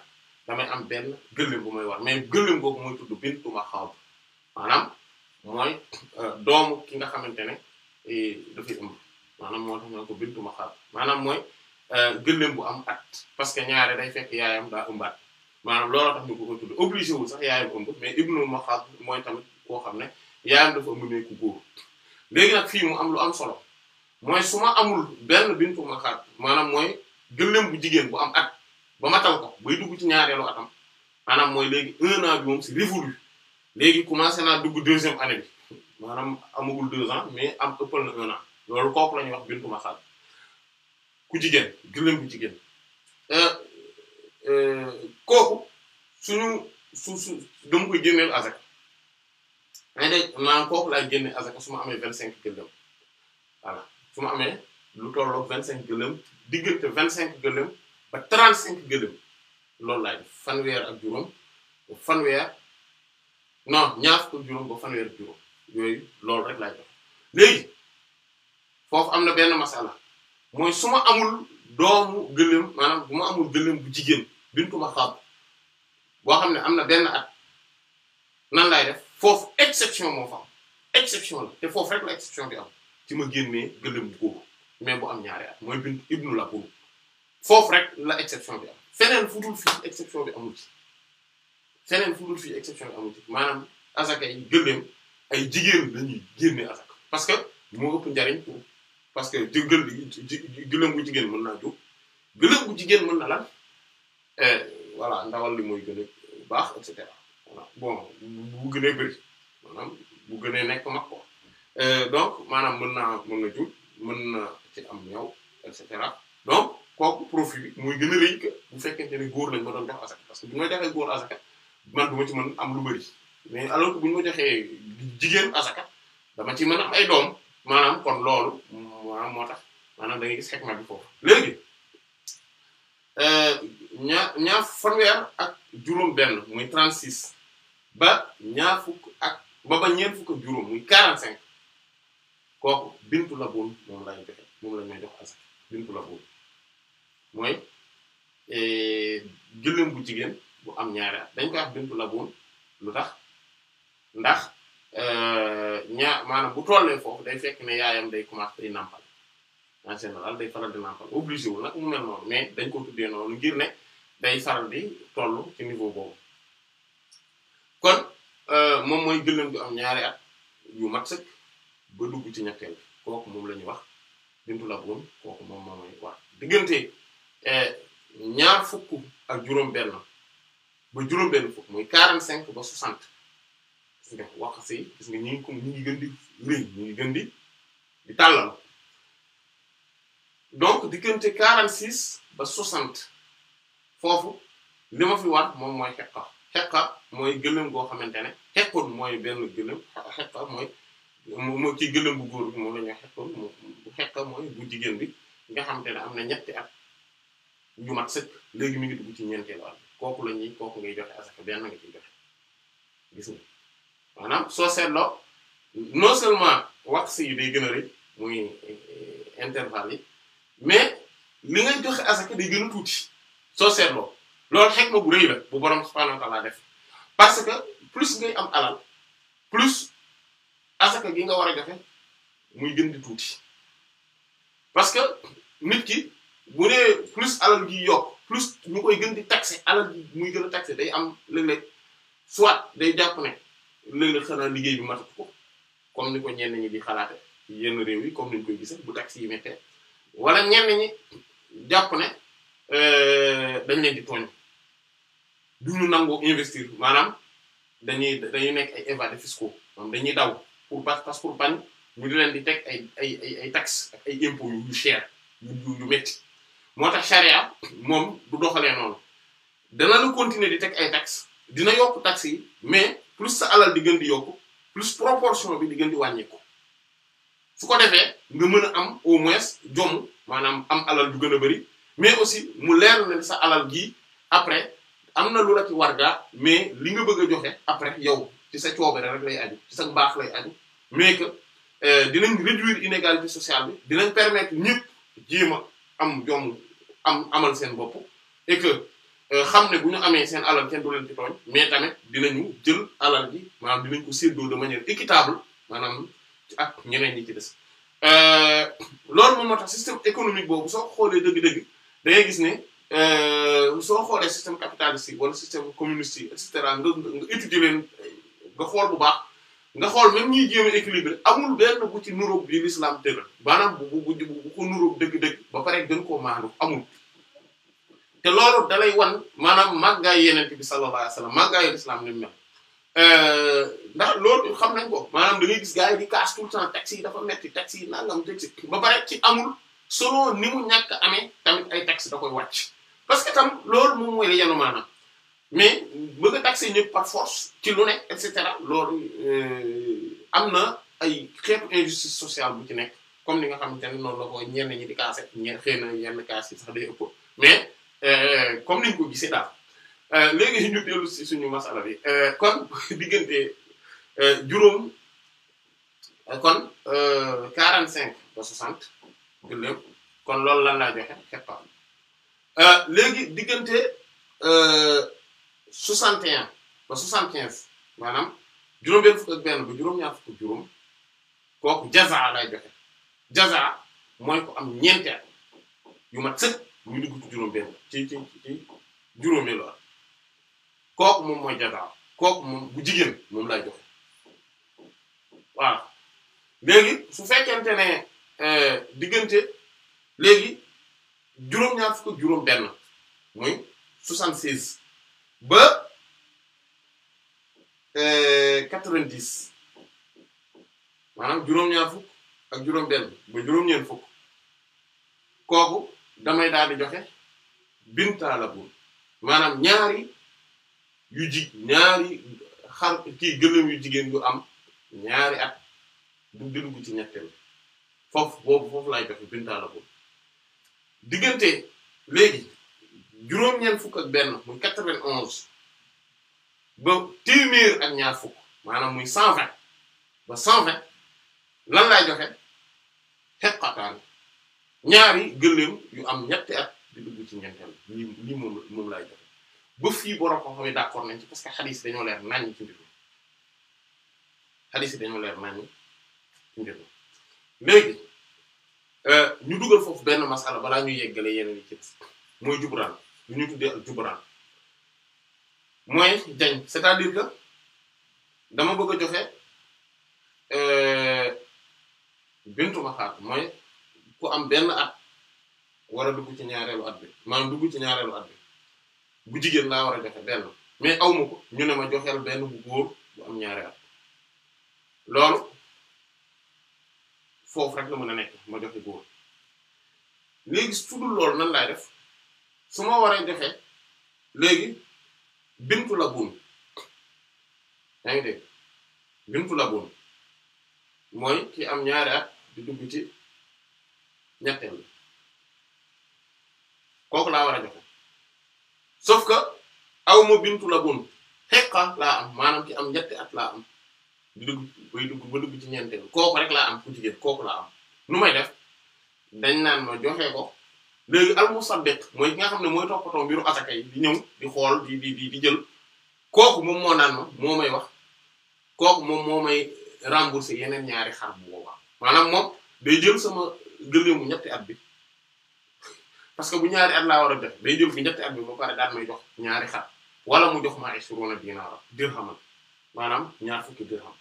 damay am benn gëléem bu may war mais gëléem boobu mooy tudd bintu maxaab maanaam euh, ki nga xamante ne e, dafay ëmb maanaam ko bintu maxaab maanaam mooy euh, gëléem bu am at parce que ñaare day fekk yaayam daa ëmbaat maanaam looloo tax ñu ko ko tudd obligé sax yaayam ëmb mais ibnu maxaab mooy tamit koo xam ne yaayam dafa ëmb ne ku góor léegi nag fii mu am lu am solo mooy su ma amul benn bintu maxaab maanaam mooy gëléem bu jigéen bu am at ba matal ko bay dugg ci ñaareelu atam maanaam mooy léegi un an bi moom c'est révolu léegi commencé naa dugg deuxième année bi maanaam amagul deux ans mais am ëppal na un an loolu kooku la ñuy wax bintu masal ku jigéen gëléem bu jigéen euh, euh, kooku suñu su su dama génneel azak mais kooku laay génne azak su amee vingt cinq gëléem voilà su amee lu tolloog vingt cinq gëléem diggante vingt cinq gëléem ba trente cinq gëléem loolu laay def fanweer ak juróom ba fanweer non ñaar ko juróom ba fanweer ak juróom yooyu loolu rek laay def léegi foofu am na benn masala mooy su ma amul doomu gëléem maanaam bu ma amul gëléem bu jigéen bintu ma xaab boo xam ne am na benn at nan laay def foofu exception moo fa exception te foofu rek la exception bi am ci ma génnee gëléem bu góor mais bu am ñaari mooy bintu ibnu la boobu foofu rek la exception bi am feneen fu dul amul ci feneen fu dul fii exception bi amul ci maanaam asaka yi gëléem ay jigéen lañuy génne asaka parce que moo ëpp njariñ pour parce que gël gëléem bu jigéen mën naa jóg gëléem bu jigéen mën na lan eh, voilà ndawal li mooy gën a baax et cetera voilà bon bu gënee bëri maanaam bu gënee nekk mag ko eh, donc maanaam mën naa mën na jur mën na ci am ñëw et cetera kooku profit muy gën a rëy bu fekkente góor lañ ma doon jox asaka parce que bu ma joxee góor asaka man du ma ci mën am lu bari mais alors que bu ñu ma joxee jigéen asaka dama ci mën am ay doom maanaam kon loolu maanaam moo tax maanaam da ngay gis xekma bi foofu léegi euh, ñaar fanweer ak juróom benn muy 36 ba ñaar fukk ak ba ba ñeent fukk ak juróom muy 45 kooku bintu la boon moom lay joxe asaka bintu la boon mooy gëléem eh, bu jigéen bu am ñaari at dañ koy wax bintu labuun lu tax ndax eh, ñaar maanaam bu tollee foofu day fekk ne yaayam day commencé day nàmpal en général day faral di nàmpal obligé wul nag mu mel noonu mais dañ ko tuddee noonu ngir ne day faral di toll ci niveau boobu kon eh, moom mooy gëléem bu am ñaari at yu mat sëkk ba dugg ci ñetteel kooku moom la wax bintu labuun kooku moom moom mooy wax diggante E, ñaar fukk ak juróom-benn ba juróom-benn fukk mooy 45 ba 60 gis si gis nga ñu ngi comme ñu rëy ñu ngi di tàllal donc diggante 46 ba 60 foofu li fi war moom mooy xeqa xeqa mooy gëlëm goo xamante ne xeqoon mooy benn gëlëm xeqa mooy moo ci gëlëm bu góor bi moom la xeqoon bu xeqa mooy bu jigéen bi nga xamante ne am na ñetti at. yu mat sëkk léegi mi ngi dugg ci ñeenteelu at kooku la ñuy kooku ngay joxe asaka benn nga ciy joxe gis nga maanaam soo seetloo non seulement wax yi day gën a rëy muy eh, intervalle yi mais li ngay joxe asaka day gën a tuuti soo seetloo loolu xekk ma bu rëy la bu borom subhanahu wa ta'ala def parce que plus ngay am alal plus asaka gi nga war a joxe muy gën di tuuti parce que nit ki. bu ne plus alal gi yokk plus ñu koy gën di taxé alal gi muy gën a taxé day am léeg-léeg soit day jàpp ne léeg-léeg xanaa liggéey bi matatu ko ko ñenn ñi di xalaate yenn réew yi comme ni koy gisee bu taxi yi méttee wala ñenn ñi jàpp ne euh, dañ leen di tooñ duñu nangoo investir maanaam dañuy dañuy nekk ay évadés fiscaux moom dañuy daw pour parce que pour bañ ñu di leen di teg ay ay ay ay taxes ak ay impôts yu cher yu yu métti. moo tax charia moom du doxalee noonu dana la continuer di teg ay tax dina yokk taxes yi mais plus sa alal di gën di yokku plus proportion bi di gën di wàññeeku su ko defee nga mën a am au moins jomm maanaam am alal du gën a bari mais aussi mu leer na sa alal gi après am na lu la ci warga mais li nga bëgg a joxe après yow ci sa coobare rek lay aju ci sa mbaax lay aju mais que euh, dinañ réduire inégalité sociale bi dinañ permettre ñëpp jéema am jom am amal seen bopp et que euh, xam ne bu ñu amee seen alal kenn du leen ci tooñ mais tamit dinañu jël alal ji maanaam dinañ ko séddoo de manière équitable maanaam ak ñeneen ñi ci des euh, loolu moom moo tax système économique boobu soo xoolee dëgg-dëgg da ngay gis ne euh, soo xoolee système capitaliste yi wala système communiste yi et nga nga nga xool bu baax nga xool même ñuy jéem a équilibré amul benn bu ci nuróog bi l'islam tëral maanaam bu bu bu ko nuróog dëgg-dëgg ba pare gën koo maandu amul te loolu dalay wan maanaam màggaay yeneen bi sallallahu alayhi wasallam màggaayu l'islam ni mu mel euh, ndax loolu xam nañ ko maanaam da gis gars yi di casse tout temps taxi yi dafa metti taxi yi nangam taxi ba pare ci amul solo ni mu ñàkk amee tamit ay taxi da koy wàcc parce que tam loolu moom mooy la yenu maanaam mais bëgg a taxé ñëpp par ci lu nekk et cetera loolu euh, am na ay xeetu injustice sociale bu ci nekk comme ni nga xamante ne noonu la ko ñenn ñi di kaase ñe xëy na yi sax day ëpp mais euh, comme niñ ko gisee daal euh, léegi ñu dellu si suñu masala bi kon diggante juróom kon 45 cinq 60 gëléem kon loolu naa laa joxe xeppal léegi diggante soixante et un ba soixante quinze maanaam juróom-benn fukk ak benn ba juróom-ñaar fukk juróom kooku jaza lay joxe jaza mooy ko am ñeenti yu mat sëkk ñu dugg juróom-benn ci ci ci juróomi lool kooku moom mooy jaza kooku moom bu jigéen moom lay joxe waaw léegi su fekkente ne euh, diggante léegi juróom-ñaar fukk juróom-benn mooy soixante seize. ba eh, quatre-vingt-dix maanaam juróom-ñaar fukk ak juróom-benn ba juróom-ñeent fukk kooku damay daal di joxe bintaalabun maanaam ñaari yu ji ñaari xar kii gëléem yu jigéen yu am ñaari at du di dugg ci ñetteel foofu boobu foofu laay joxe bintaalabun diggante léegi juróom-ñeent fukk ak benn muy quatre-vingt-onze ba téeméer ak ñaar fukk maanaam muy cent vingt ba cent vingt lan laay joxe xeqataan ñaari gëléem yu am ñetti at di dugg ci ñeenteel lii lii moom moom laay joxe ba fii borom xam-xam yi nañ ci parce que dañoo leer naññ ci mbir léegi euh, ñu dugal foofu benn masala balaa ñuy yeggale yeneen yi ci mooy jubraan lu ñu tuddee al jubran mooy jañ cest à dama bëgg a joxe euh, bintu maxaat mooy ku am benn at war a dugg ci ñaareelu at bi maanaam dugg ci ñaareelu at bi bu jigéen laa war a joxe benn mais awma ko ñu ne ma joxeel benn bu góor bu am ñaari at loolu foofu rek la mën a nekk ma joxe góor léegi su dul loolu nan laay def su ma waree joxe léegi bintu la buun yaa dégg bintu la buun mooy ki am ñaari at di dugg ci ñetteel bi kooku laa war a joxe sauf que aw ma bintu la buun xeqa laa am maanaam ki am ñetti at laa am di dugg bay dugg ba dugg ci ñeenteel kooku rek laa am ku jigéen kooku laa am nu may def dañ naan ma joxe ko léegi al musaddiq mooy ki nga xam ne mooy toppatoo mbiru asaka yi di ñëw di xool di di di jël kooku moom moo naan ma moo may wax kooku moom moo may rembourser yeneen ñaari xar bu boobaa maanaam day jël sama gëléemu ñetti at bi parce que bu ñaari at laa war a def day jël fi ñetti at bi ba may jox ñaari xar wala mu jox ma ay suruna dinaara dirhaman maanaam ñaar fukki dirham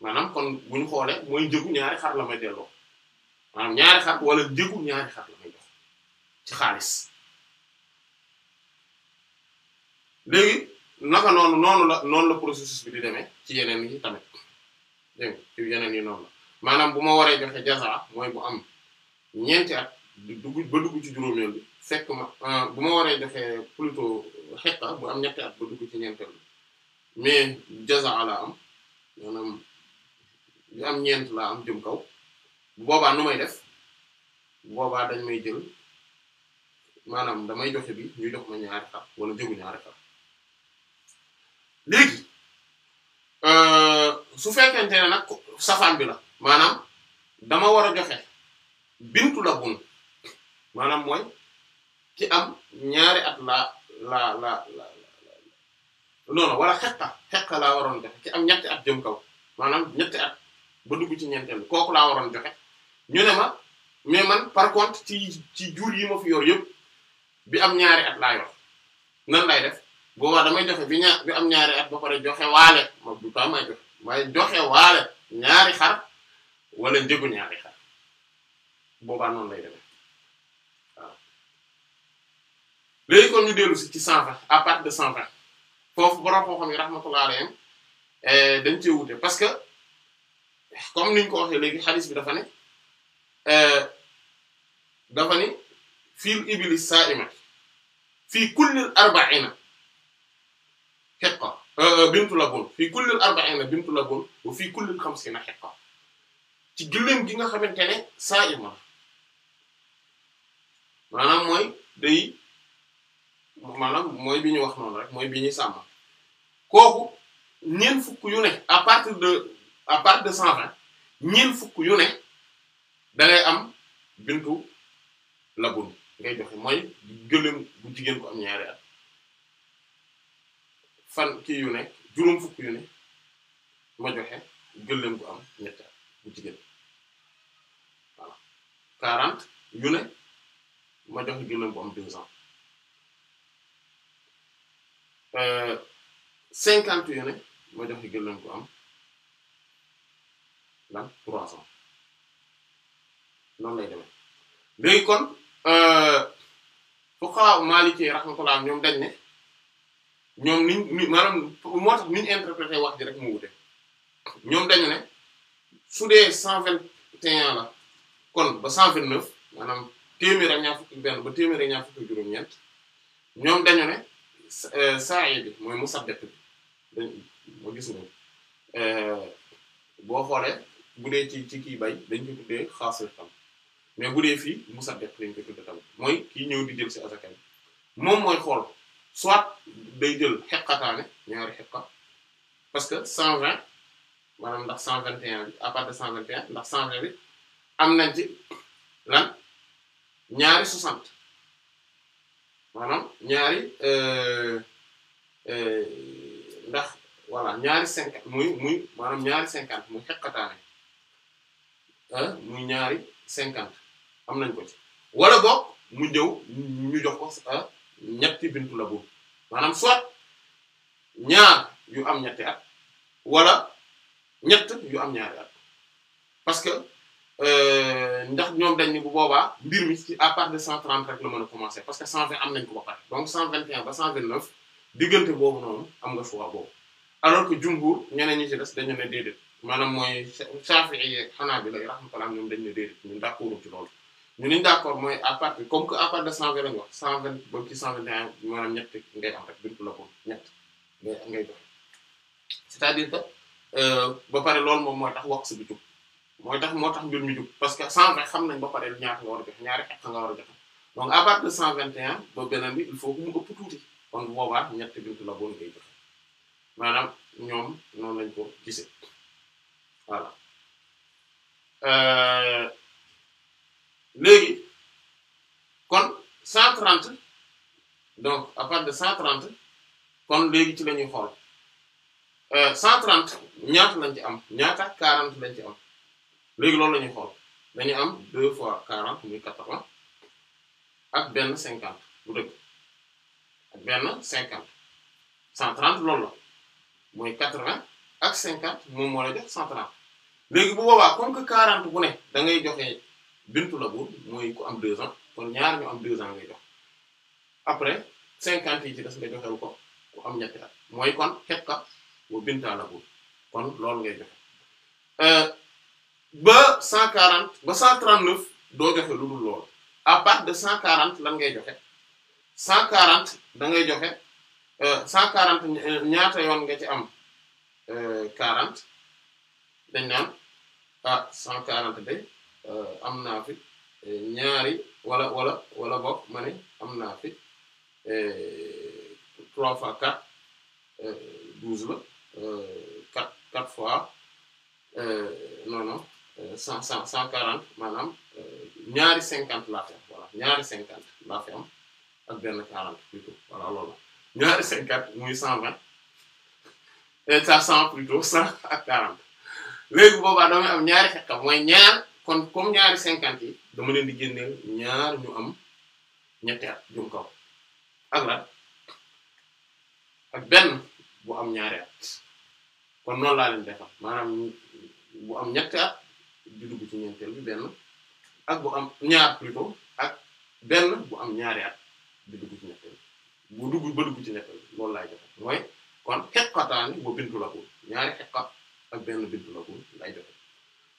maanaam kon bu xoolee mooy njëgu ñaari xar la may delloo. maanaam ñaari xar walla njëgu ñaari xar la koy jox ci xaalis léegi naka noonu noonu la noonu la processus bi di demee ci yeneen yi tamit yeneen yi noonu la maanaam bu ma waree joxe jaza mooy bu am ñeenti at dugg ba dugg ci juróomeel bi fekk ma euh, bu ma waree joxe plutôt xetta bu am ñetti at ba dugg ci ñeenteel mais jaza la am maanaam bu am ñeent laa am jëm kaw bu boobaa nu may def bu boobaa dañ may jël maanaam damay joxe bi ñuy jox ma ñaari xar wala jógu euh, su fekkente ne nag safaan bi la maanaam dama war a joxe bintu la maanaam mooy ki am ñaari at laa laa la noonu wala xeqa xeqa laa waroon joxe ki am ñetti at jëm kaw maanaam ñetti at ba dugg ci ñeenteel kooku laa waroon joxe ñu ne ma mais man par contre ci ci jur yi ma fi yor yëpp bi am ñaari at laa yor nan lay def boobaa damay joxe bi ñaar bi am ñaari at ba pare joxe waale ma du pas may joxe may joxe waale ñaari xar wala njëgu ñaari xar boobaa noonu lay demee waaw léegi kon ñu dellu ci cent vingt à partir de cent vingt foofu borom koo xam ne rahmatullahi alayhim eh, dañ cee wute parce que comme niñ ko waxee léegi hadith bi dafa ne Eh, dafa ni fil iblis sa'ima fii kullil arba'ina hiqqa eh, eh, bintu labun fii kullil arba'ina bintu labun wa fii kullil xamsina hiqqa ci gëléem gi nga xamante ne sa'ima maanaam mooy day maanaam mooy bi wax noonu rek mooy bi ñuy sàmm kooku ñeent fukk yu ne à partir de à partir de cent vingt ñeent fukk yu ne. da am bintu labun ngay joxe mooy gëléem bu jigéen ku am ñaari at fan kii yu nekk juróom fukk yu ma joxe gëléem bu am ñetti at bu voilà quarante yu ne ma joxe gëléem bu am deux ans euh, cinquante yu ma joxe gëléem bu am lan trois ans noonu lay demee léegi kon euh, fuqaha maliki rahmatullah ñoom dañ ne ñoom niñ maanaam moo tax niñ interprété wax ji rek mu wute ñoom dañu ne su dee cent kon ba cent vingt neuf téeméer ak ñaar fukki euh, bi mooy musaddaq bi dañ ma gis nga euh, boo xoolee bu dee ci ci kii bay dañ ko tuddee xaasir tam mais bu dee fii musaddiq lañ ko mooy kii ñëw di jël si a bi moom mooy xool soit day jël xeqataane ñaari xeqa parce que 120 maanaam ndax 121 bi à part de 121 ndax 120 bi am nañ ci lan ñaari 60 maanaam ñaari euh, euh, ndax voilà ñaari cinquante muy muy maanaam ñaari 50 muy xeqataane muy ñaari 50. am nañ ko ci wala boog mu ñëw ñu jox ko ah, ñetti bintu la boobu maanaam soit ñaar yu am ñetti at wala ñett yu am ñaari at parce que euh, ndax ñoom dañ ni bu boobaa mbir ci à partir de 130 rek la mën a commencer parce que 120 am nañ ko ba pare donc 121 ba 129 diggante boobu noonu am nga choix boobu alors que jumhur ñeneen ñi ci des dañu ne déedéet maanaam mooy Shafi'i xanaa bi lay rahmatullah ñoom dañu ne déedéet ñun d'accord ci loolu. ñu niñ d'accord mooy à partir comme que à partir de cent vingt lañu wax cent vingt ba ci cent ngay am rek bintu la ko ñett ngay ngay euh, ba pare lool moom mooy tax wax bi jub mooy tax moo tax mbir mi jub parce que cent vingt xam nañ ba pare ñaata nga war a joxe ñaari xeq nga war a joxe donc à partir de cent vingt et un ba beneen bi il faut que mu ëpp tuuti kon boobaa ñett bintu la bon ngay joxe maanaam ñoom noonu lañ ko gisee voilà. Euh, léegi kon 130 donc à partir de 130 kon léegi ci la ñuy xool 130 euh, ñaata lañ ci am ñaata 40 lañ ci am léegi loolu lañuy xool dañuy am 2 fois 40 muy 80 ak benn 50 bu dëgg ak benn 50 130 loolu la mooy 80 ak 50 moom moo la jox 130 léegi bu boobaa comme que 40 bu ne da ngay joxe. bintu labour mooy ku am deux ans kon ñaar ñu am deux ans ngay jox après cinquante yi ci des nga joxel ko ku am ñetti mooy kon xet ka wa binta labour kon loolu ngay joxe euh, ba cent quarante ba cent trente neuf doo joxe lu dul loolu à partir de cent quarante lan ngay joxe cent quarante da ngay joxe euh, cent quarante ñaata yoon nga ci am euh, quarante dañ naan a ah, cent quarante day Euh, am naa fi euh, ñaari wala wala wala boog ma ne am naa fi euh, trois fois quatre douze la quatre quatre fois non non cent cent cent quarante maanaam ñaari cinquante laa am voilà ñaari cinquante laa fi am ak benn quarante plutôt voilà loolu la ñaari cinquante muy cent vingt et ça cent plutôt cent ak quarante léegi boobaa damay am ñaari xeqam mooy ñaar. kon comme ñaari cinquante yi dama leen di génneel ñaar ñu am ñetti at jum kaw ak la ak benn bu am ñaari at kon noonu laa leen defal maanaam bu am ñetti at di dugg ci ñeenteel bi benn ak bu am ñaar plutôt ak benn bu am ñaari at di dugg ci ñetteel bu dugg ba dugg ci ñetteel loolu laay joxe mooy kon xet xataani bintu la ko ñaari xet ak benn bintu la ko lay joxe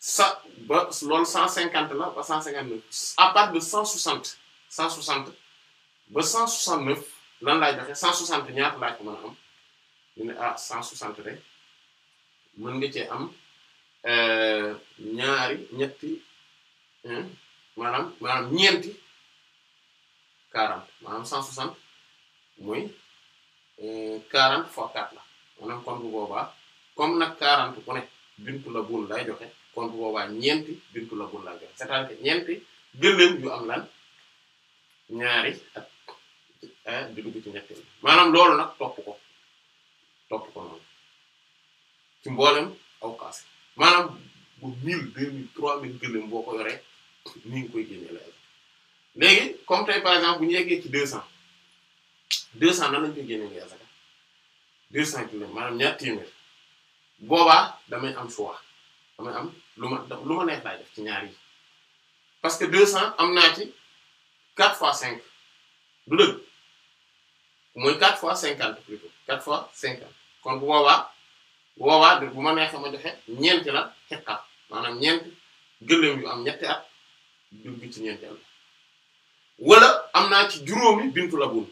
sa ba loolu cent cinquante la ba cent cinquante neuf à part de cent soixante cent soixante ba cent soixante neuf lan laay joxe cent soixante laaj ko mën a ah, cent soixante rek nga cee am euh, ñaari ñetti maanaam maanaam ñeenti quarante maanaam cent soixante mooy euh, quarante fois quatre la maanaam kon bu boobaa comme nag quarante ku ne bintu la bun lay joxe kon bu boobaa ñeenti bintu la bu lan c'est-à-dire ñeenti gëléem yu am lan ñaari ak ah, di dugg ci ñetti maanaam loolu nag topp ko topp ko noonu ci mboolem aw kaas maanaam bu mille deux mille trois mille gëléem boo ko yoree ni koy génne la léegi comme tey par exemple bu ñu yeggee ci deux cents deux cents nan lañ koy génne ngay asaka deux cents gëléem maanaam ñaar téeméer boobaa damay am choix damay am lu ma lu ma ci ñaar yi parce que deux cent am naa ci quatre fois cinq du dëgg mooy quatre fois cinquante plutôt quatre fois cinquante kon bu boobaa bu boobaa ma neexee ma joxe ñeenti la xeqaat maanaam ñeenti gëléem am ñetti at dugg ci wala am naa ci juróomi la bun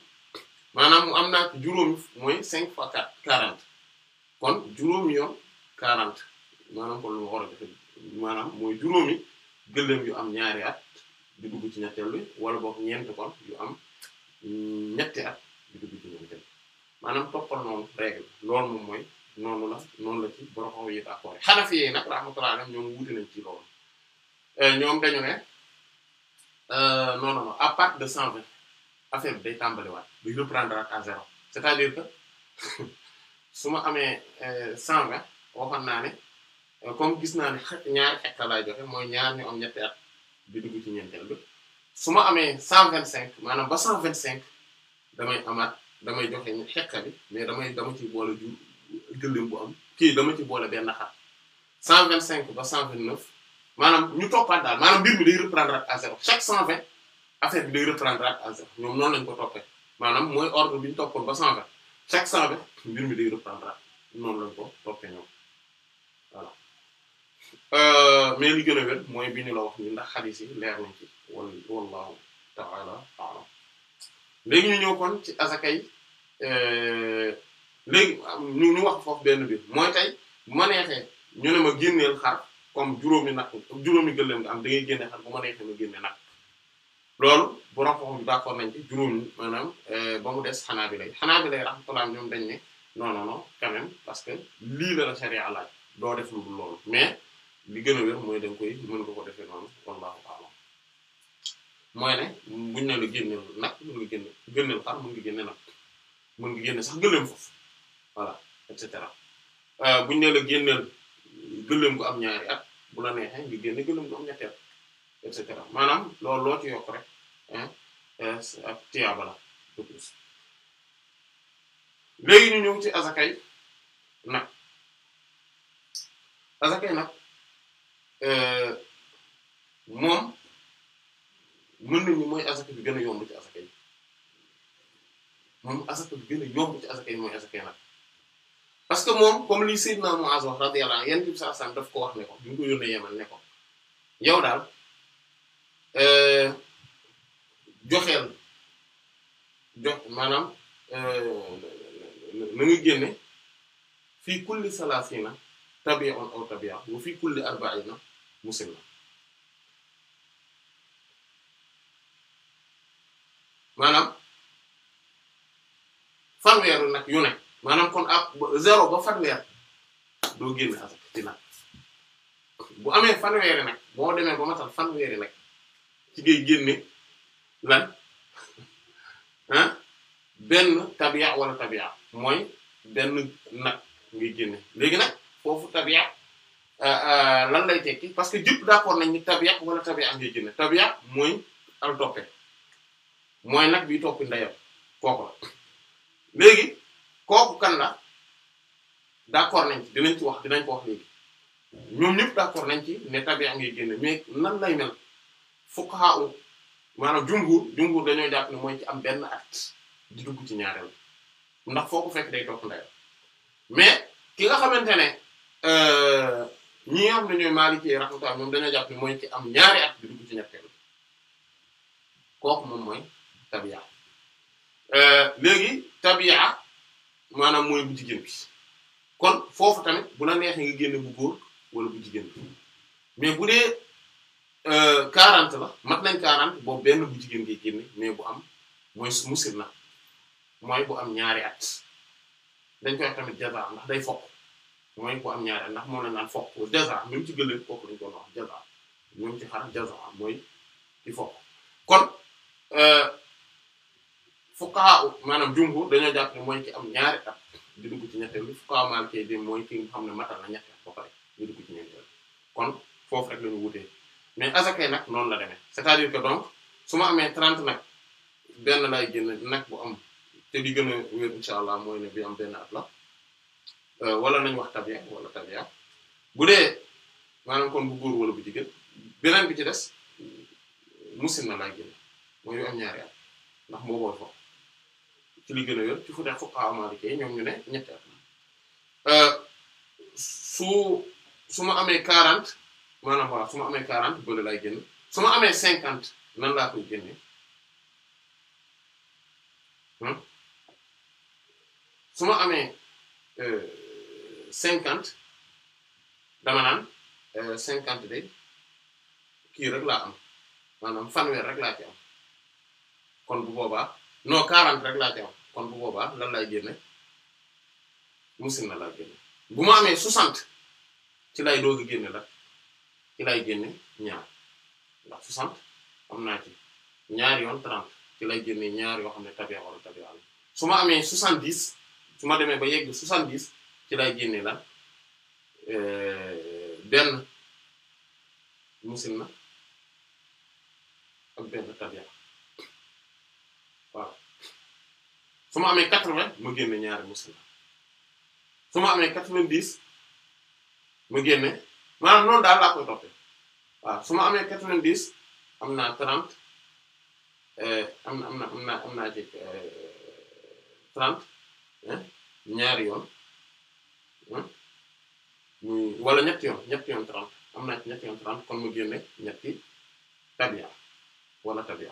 maanaam am naa ci juróomi cinq fois quatre quarante kon juróomi yoon quarante maanaam kon lu ma war a maanaam mooy juróomi gëléem yu am ñaari at di dugg ci ñetteel bi wala boog ñeent kon yu am ñetti at di dugg ci ñeenteel bi maanaam toppal noonu règle loolu moom mooy noonu la noonu la ci borom yi d'accord Hanafi yi nag rahmatullahi alayhim ñoom wuute nañ ci loolu euh, ñoom dañu ne euh, non non à partir de cent vingt affaire day tàmbaliwaat day reprendre à zéro c'est-à-dire que su ma amee euh, cent vingt waxoon naa ne Euh, comme gis naa ne ñaar hectares laay joxe mooy ñaar ñu am ñetti at di dugg ci ñeenteel bi su ma amee cent vingt cinq maanaam ba cent vingt cinq damay amaat damay joxe hectare bi mais damay dama ci boole ju gëléem bu kii dama ci boole benn xar cent vingt cinq ba cent vingt neuf maanaam ñu toppaat daal maanaam mbir mi day reprendre à zéro chaque cent vingt affaire bi day reprendre à zéro ñoom noonu lañ ko toppee maanaam mooy ordre bi ñu toppoon ba cent vingt chaque cent vingt mbir mi day noonu lañ ko toppee ñoom. Euh, mais li gën a wér mooy bi ñu la wax ni ndax xadis leer nañ ci wal wallahu léegi ñu ñëw kon ci asaka yi euh, léegi ñu ñu wax foofu benn bi mooy tey bu ma neexee ñu ne ma génneel xar comme juróomi nag juróomi gëléem nga am da ngay xar bu ma neexee ma génne nag loolu bu rapport bi d'accord nañ ci juróomi maanaam euh, ba mu des xanaa bi lay xanaa bi lay rahmatullah ñoom dañ ne non non non quand parce que lii la la sharia laaj doo def lu loolu li gën a wér mooy da nga koy mën nga ko defee noonu wallahu a'lam mooy ne buñ ne la génneel nag mën nga génne génneel xar mën nga génne nag mën nga génne sax gëléem foofu voilà et cetera euh, buñ ne la génneel gëléem ko am ñaari at bu la neexee nga génne gëléem ko am ñetteel et cetera maanaam loolu loo ci yokk rek ak léegi ñu ñëw ci azakay nag azakay nag Euh, moom mën nañu mooy asaka bi gën a yomb ci asaka yi moom asaka bi gën a yomb ci asaka yi mooy asaka yi nag parce que moom comme li Seydina Muaz wax radiyallahu anhu yéen ci saa sàn daf ko wax ne ko bi yow daal euh, joxeel jox maanaam euh, na génne fii kulli salaasina tabi'un aw tabi'a wa fii kulli arba'ina musím. maanaam fanweeru nag yu ne maanaam kon ab zéro ba fanweer doo génn asak ci bu amee fanweeri nag boo demee ba matal fanweeri nag ci ngay génne lan ah benn tabiya wala tabiya mooy benn nag ngay génne léegi nag foofu tabiya Euh, euh, lan lay tekki parce que jëpp d'accord nañ ni tabiya wala tabiya am ngay jënne mooy al toppe mooy nag bi toppi ndeyam kooku la léegi kooku kan d'accord nañ ci dinañ ci wax dinañ ko wax léegi ñoom ñëpp d'accord nañ ci ne tabiya ngay génne mais nan lay mel fuqaha u maanaam jumhur jumhur dañoo jàpp ne mooy ci am benn at di dugg ci ñaareel ndax foo ko fekk day topp ndeyam mais ki nga xamante ne euh, ñi nga xam ne ñooy Maliki yi moom dañoo jàpp mooy ci am ñaari at bi dugg ci ñetteel kooku moom mooy tabiya euh, léegi tabiya maanaam mooy bu jigéen bi kon foofu tamit bu la neexee nga génne bu góor wala bu jigéen bi mais bu dee 40 euh, la mat nañ 40 boobu benn bu jigéen ngay génne mais bu am mooy musir na mooy bu am ñaari at dañ koy tamit jaza ndax day fokk mooy ku am ñaareel ndax moom la naan fokk jaza même ci gëléen kooku lañu doon wax jaza même ci xar jaza mooy ci fokk kon euh, fuqaha maanaam jumhur dañoo jàpp am ñaari at di dugg ci ñetteel bi mooy ki nga xam ne matal na ñetteel ba pare kon foofu rek la ñu wutee mais asakay nag noonu la demee c'est-à-dire que donc su ma amee 30 nag benn lay génn nag bu am te di gën a wér incha allah mooy ne bi am benn at la Euh, wala nañ wax tabia walla tabia bu dee maanaam kon bu góor wala bu jigéen beneen bi ci des musin na laay génne mooy yu am ñaari at ndax moo bool foofu ci li gën a yor ci fu dee fuqahaa maalikee ñoom ñu ne ñetti at euh, su su ma amee 40 maanaam waaw su ma amee 40 bële laay génn suma amee 50 nan laa koy génne hmm? su ma amee. Euh, cinquante dama naan euh, cinquante de kii rek laa am maanaam fanweer rek laa ci am kon bu boobaa non quarante rek laa ci am kon bu boobaa lan laay génne musin na laa génne bu ma amee soixante ci lay doog a génne la ci lay génne ñaar ndax soixante am naa ci ñaar yoon trente ci lay génne ñaar yoo xam ne tabi'a wala tabi'a su ma amee soixante-dix su ma demee ba yegg soixante-dix ci lay génne lan euh, benn musil na ak benn tabia waaw su ma amee quatre-vingts mu génne ñaari musil na su ma amee quatre-vingt-dix ma génne maanaam noonu daal laa koy toppee waaw su ma amee quatre-vingt-dix am naa trente euh, am na na naa am naa jeg euh, trente ñaari yoon wala ñetti yoon ñetti yoon trente am naa ci ñetti yoon trente kon mu génne ñetti tabia wala tabia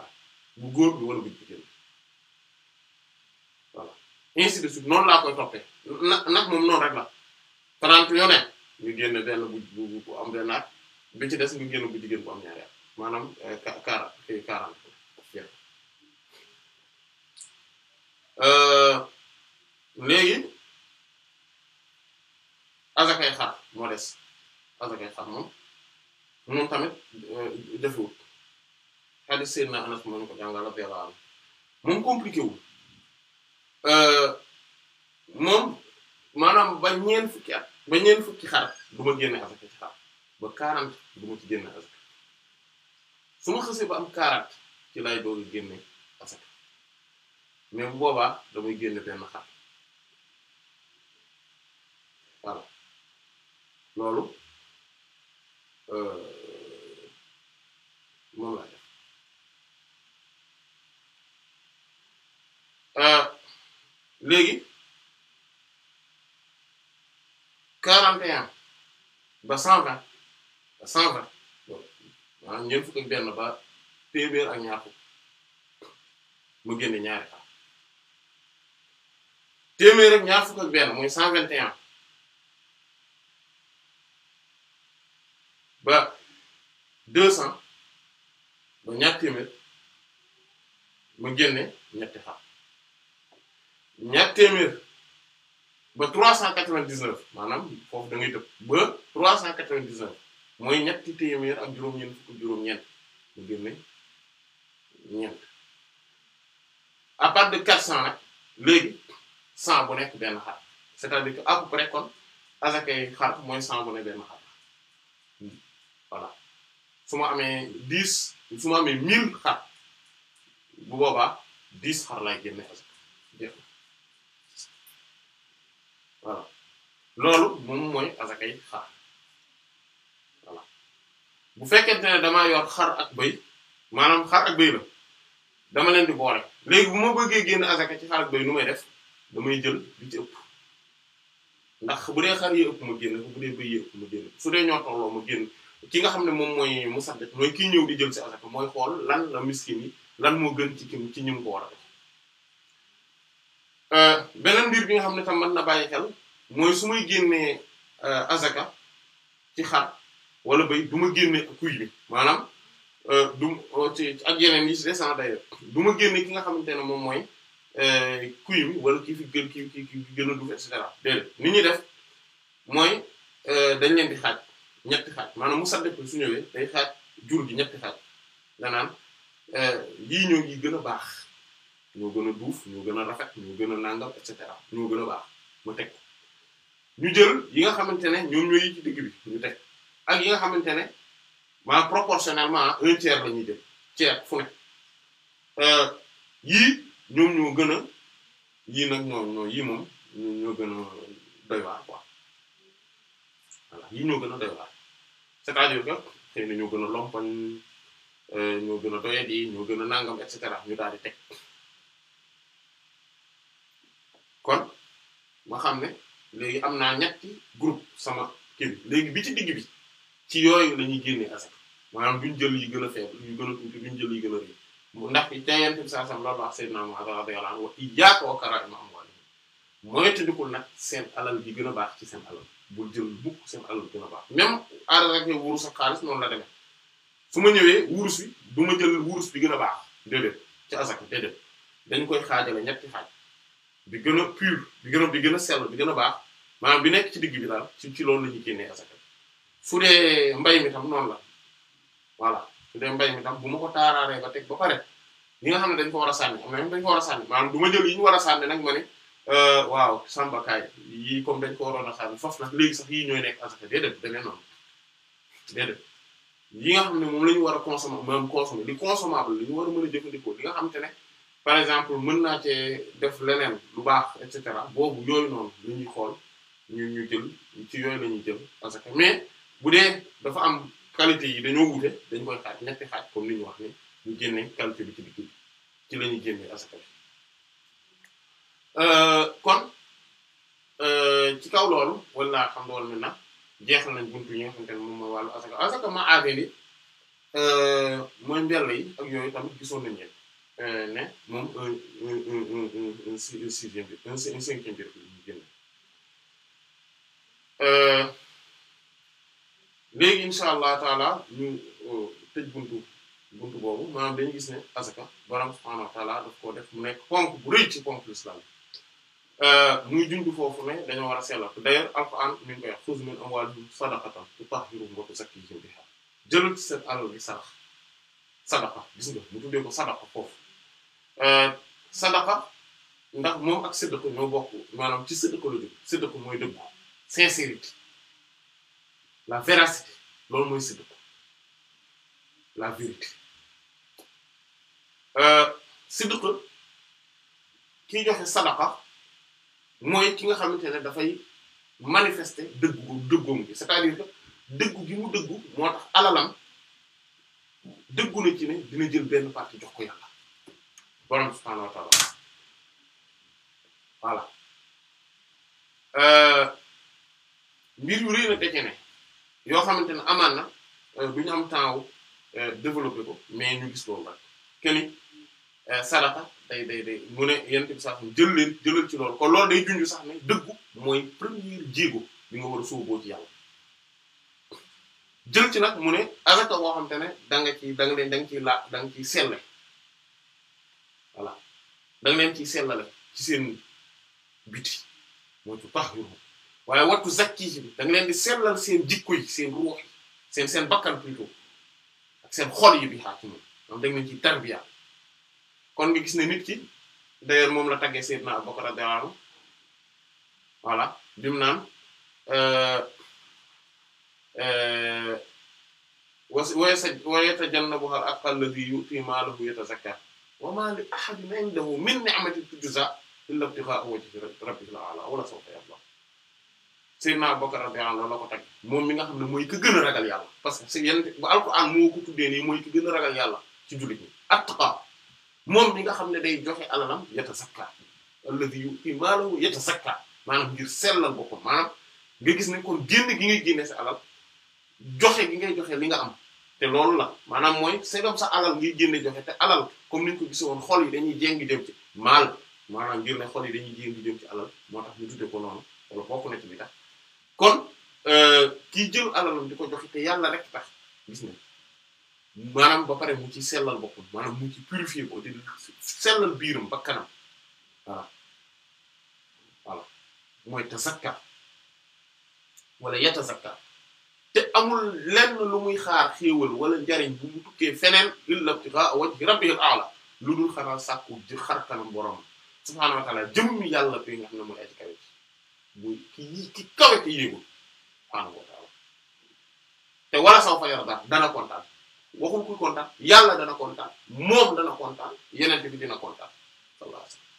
bu góor bi wala bu jigéen voilà ainsi de suite laa koy toppee na nag moom noonu rek la trente yoone ñu génne benn bu bu am benn at bi ci des ñu génne bu jigéen bu am ñaari at maanaam euh, quarante fii quarante euh, léegi azakay xar moo des azakay moom moom tamit euh, defewut xadis Seydina Anas moo ñu ko jàngal radiyallahu anhu moom compliqué euh, moom maanaam ba ñeen fukki at ba ñeen fukki xar du ma génne azaka ci xar ba 40 du ma ci génne azaka su ma xasee ba am 40 ci lay doog a génne azaka mais bu boobaa damay génne benn xar voilà loolu euh, moom laa def euh, léegi quarante et ba cent vingt ba cent vingt maanaam ñeent fukk ak benn ba téeméer ak ñaar fukk mu génne ñaari temps téeméer ak ñaar fukk ak benn mooy cent vingt et ba deux cents ba ñaar téeméer mu génne ñetti xam ñaar téeméer ba trois cent quatre-vingt-dix-neuf maanaam foofu da ngay tëb ba trois cent quatre-vingt-dix-neuf mooy ñetti téeméer ak juróom-ñeent fukk juróom-ñeent mu génne ñeent à part de quatre cents nag léegi cent bu nekk benn xar c'est-à-dire que à peu près kon asakay xar mooy cent bu nekk benn xar voilà su ma amee dix su ma amee mille xar bu boobaa dix xar lay génne asaka jeex na voilà loolu moom mooy asakay xar bu fekkente ne damaa yor xar ak bëy maanaam xar ak bëy la dama leen di boole léegi bu ma bëggee génn asaka ci xar ak bëy nu may def damay jël bi ci ëpp ndax bu dee xar yi ëpp ma génn dee yi ëpp ma génn su dee ñoo tolloo ma génn ki nga xam ne moom mooy musaddiq mooy kii ñëw di jël ci asaka mooy xool lan la miskin yi lan moo gën ci kim ci ñim ko war a euh, beneen mbir bi nga xam ne tam man na bàyyi xel mooy su may génnee euh, azaka ci xar wala bay du ma génne kuy bi maanaam euh, du ci ak yeneen yi ci des en d'ailleurs du ma génne ki nga xamante ne moom mooy kuy bi wala ki fi gën ki ki gën a dugg et cetera déedéet ni ñuy def mooy dañ leen di xaaj ñetti xaaj maanaam musaddaq bi su ñëwee day xaaj jur gi ñetti xaaj danaan euh, lii ñoo ngi gën a baax ñoo gën a duuf ñoo gën a rafet ñoo gën a nàngam et cetera ñoo gën a baax mu teg ñu jël yi nga xamante ne ñoom ñoo yi ci digg bi ñu teg ak yi nga xamante ne maanaam proportionnellement un tiers la ñuy jël tiers fu ne euh, yii ñoom ñoo gën a yii nag ñoo ñoo yii moom ñoo gën a doy waar quoi yii ñoo gën a doy c'est-à-dire que xëy na ñoo gën a lompoñ euh, ñoo gën a doyadi ñoo gën a nangam et cetera ñu daal di teg kon ma xam ne léegi am naa ñetti groupe sama kii léegi bi ci digg bi ci yooyu la ñuy génnee asaka maanaam duñ jël yi gën a faible yu gën a tuuti duñ jël yi gën a rëy ndax bi teyent saa sam loolu wax Seydina Muhammad radiyallahu anhu wa iyyaaka wa karaa'ima amwaalihim mooy tëddikul nag seen alal yi gën a baax ci seen alal bul jël mukk seen alal dina baax même aada rek ne wurus ak xaalis noonu la demee su ma ñëwee wurus bi du ma jël wurus bi gën a baax déedéet ci asaka dañ koy xaajale ñetti xaaj bi gën a pur bi gën a bi gën a sell bi gën a baax maanaam bi nekk ci digg bi daal ci ci loolu la ñuy génnee asaka su dee mbay mi tam noonu la voilà su dee mbay mi tam bu ma ko taaraaree ba teg ba pare ñi nga xam ne dañ ko war a sànni am na dañ ko war a sànni maanaam du ma jël yi ñu war a sànni nag ma Euh, waaw sambakaay yii comme dañ ko waroon a xaar faf nag léegi sax yii ñooy nekk asaka déedéet demee noonu déedéet yi nga xam ne moom la ñu war a consommer moom consommer li consommable li ñu war a mën a jëfandikoo li nga xam te ne par exemple mën naa cee def leneen lu baax et cetera boobu yooyu noonu lu ñuy xool ñu ñu jël ci yooyu la ñuy jël parce que mais bu dee dafa am qualité yi dañoo wuute dañ koy xaaj ñetti xaaj comme li ñu wax ni ñu génne qualité bi ci digg ci la ñuy génne asaka bi Euh, kon euh, ci kaw loolu wala xam nga wala maintenant jeexal nañ buntu yi nga xamante moom mooy wàllu ma aadee euh, mooy mbell yi ak yooyu tamit gisoon nañ leen ne moom léegi incha allah taala ñu buntu buntu boobu maanaam dañu gis ne asaka borom subhaanahu wa daf koo def mu nekk ponk bu rëy ci ponk l'islam Euh, muy junj foofu ne dañoo war a sellal d'ailleurs alquran mi ngi koy wax xuz min amwaalihim sadaqatan tutahhiruhum wa tuzakkihim biha jëlal ci seen alal bi sarax sadaqa gis nga mu tuddee ko sadaqa foofu euh, sadaqa ndax moom ak séddako ñoo bokk maanaam ci séddako la jóg séddako mooy dëggu sincérité la véracité loolu mooy séddako la vérité euh, séddako kiy joxe sadaqa mooy ki nga xamante ne dafay manifester dëggu dëggoom gi c'est-à-dire que dëggu gi mu dëggu moo tax alalam dëggu ci ne dina jël benn partie jox ko yàlla borom subhaanahu wa ta'aala voilà euh, mbir yu rëy na dece ne yoo xamante ne amaan na du euh, ñu am temps wu euh, ko mais ñu gis loolu rek Euh, sadaka day day day mu ne yent bi sax jël leen jëlal ci loolu kon loolu day junj sax ne dëggu mooy premier jigo bi nga war a sóoboo ci yàlla jël ci nag mu ne azaka boo xam ne da ci da nga leen da nga ciy ciy selle da nga leen ciy sellale ci seen biti moo ci pax yu waaye wattu zakki yi da nga leen di sellal seen jikko yi seen ruux yi seen seen bakkan plutôt ak seen xool yi bi xaar ci moom da leen ciy tarbiya kon nga gis ne nit ki d'ailleurs moom la taggee Seydina Abu Bakr radiyallahu anhu voilà bi mu naan euh, euh, wa yatajannabuha al-atqaa alladhii yu'tii maalahu yatazakkaa wa maa li ahadin 'indahu min ni'matin tujzaa illaa ibtighaa'a wajhi rabbihil 'aalaa wa lasawfa yardaa Seydina Abu Bakr radiyallahu anhu la ko tagg moom mi nga xam ne mooy ki gën ragal yàlla parce que si yenn bu Alxuraan moo ko tuddee nii mooy ki gën ragal yàlla ci jullit ñi atqaa moom mi nga xam ne day joxe alalam yatazakka allazi yu'ti maalahu yatazakka maanaam ngir sellal boppam maanaam nga gis ne kon génn gi ngay génne sa alal joxe gi ngay joxe li nga am te loolu la maanaam mooy segam sax alal ngay génne joxe te alal comme ni ñu ko gis woon xol yi dañuy jéngi dem ci maal maanaam ngir ne xol yi dañuy jéngi dem ci alal moo tax ñu tudde ko noonu wala bokk na ci li tax kon euh, kii jël alalam di ko joxe te yàlla rek tax gis ne maanaam ba pare mu ci sellal boppam maanaam mu ci purifier ko di sellal biiram ba kanam voilà voilà mooy tazakka wala yatazakka te amul lenn lu muy xaar xéewal wala njariñ bu mu tukkee feneen illa ibtigha wajhi rabbihil a'la lu dul xanaa sàkku ji xar kanam borom subhaanahu wa ta'ala jëmm yàlla bi nga xam ne mooy aji kawe muy ki ki kawe ki yéegul subhaanahu wa te wala sawfa yarda dana kontaan waxul kuy kontaan yàlla dana kontaan moom dana kontaan yeneen bi dina kontaan sallallahu alayhi wasallam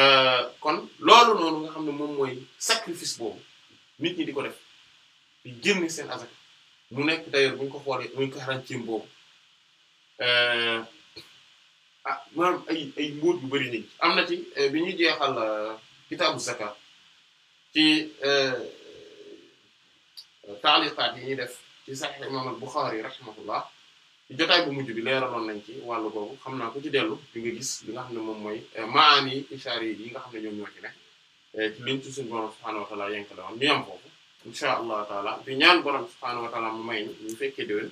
euh, kon loolu noonu nga xam ne moom mooy sacrifice boobu nit ñi di ko def di génne seen azaka mu nekk d'ailleurs bu ñu ko xoolee bu ñu ko cim boobu euh, ah maanaam ay ay mbóot yu bari nañ am na ci euh, bi ñuy jeexal kitaabu zakat ci taaliqaat yi ñuy def ci Sahih imam al-Bukhari rahimahullah ci jotaay bu mujj bi leeraloon nañ ci wàll boobu xam naa ko ci dellu di nga gis li nga xam ne moom mooy eh, maani ishaari yi nga xam ne ñoom ñoo ci ne eh, ci liñ ci suñu borom subhaanahu wa ta'ala yënk la woon ñu am foofu allah taala di ñaan borom subhaanahu wa ta'ala mu may ñu fekkee déwén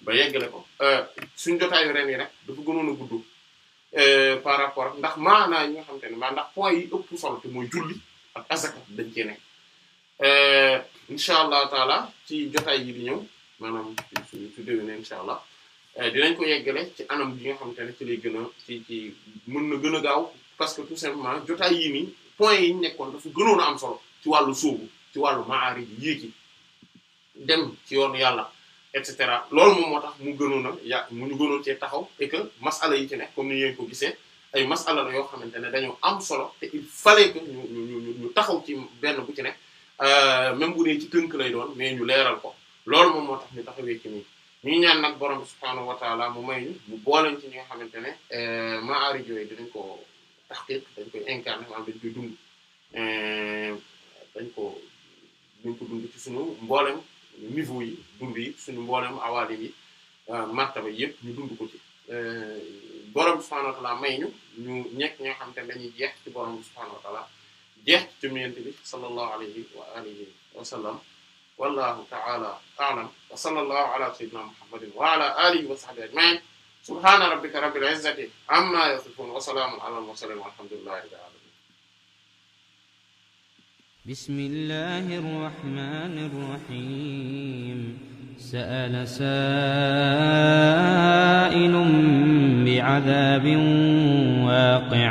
ba yeggale ko eh, suñ jotaayu ren yi nag dafa gënoon a gudd par rapport ndax maanaa ñi nga xam te ne maa ndax point yi ëpp solo te mooy julli dañ cee nekk Euh, incha allah taala ci jotaay yi di ñëw maanaam suñu su déwé ne allah euh, dinañ ko yeggale ci anam gi nga xamante ne ci lay gën a ci ci mën na gën a gaaw parce que tout simplement jotaay yi nii points yi ñu nekkoon dafa gënoon a am solo ci wàllu sóobu ci wàllu maari ji yéegi dem ci yoon yàlla et cetera loolu moom moo tax mu gënoon a ya mu ñu gënoon cee taxaw et que masala yi ci nekk comme ni ngeen ko gisee ay masala la yoo xamante ne dañoo am solo te il fallait taxaw ci benn bu ci nekk Euh, même bu dee ci tënk lay doon mais ñu leeral ko loolu moom moo tax ñu taxawee ci ñu ñaan nag borom bi subhaanahu wa taala mu may ñu ñu booleñ ci ñi nga xamante ne euh, ma yooyu dinañ ko taxqiq dañ koy incarné maanaam dañ koy dund euh, dañ ko dañ ko dund ci suñu mbooleem niveau yi dund yi suñu mboolem awaalim yi martaba yëpp ñu dund ko ci borom bi subhaanahu may ñu ñu ñekk ñi nga xamante ne dañuy jeex ci borom bi subhaanahu jeex ci jëm yonent bi sallallahu alayhi wa alihi wa sallam wallahu ta'ala a'lam wa sallallahu ala sayyidina muhammadin wa ala alihi wa sahbihi ajma'in subhana rabbika rabbil izzati amma yasifun wa salamun ala al-mursalin walhamdulillahi rabbil alamin بسم الله الرحمن الرحيم سأل سائل بعذاب واقع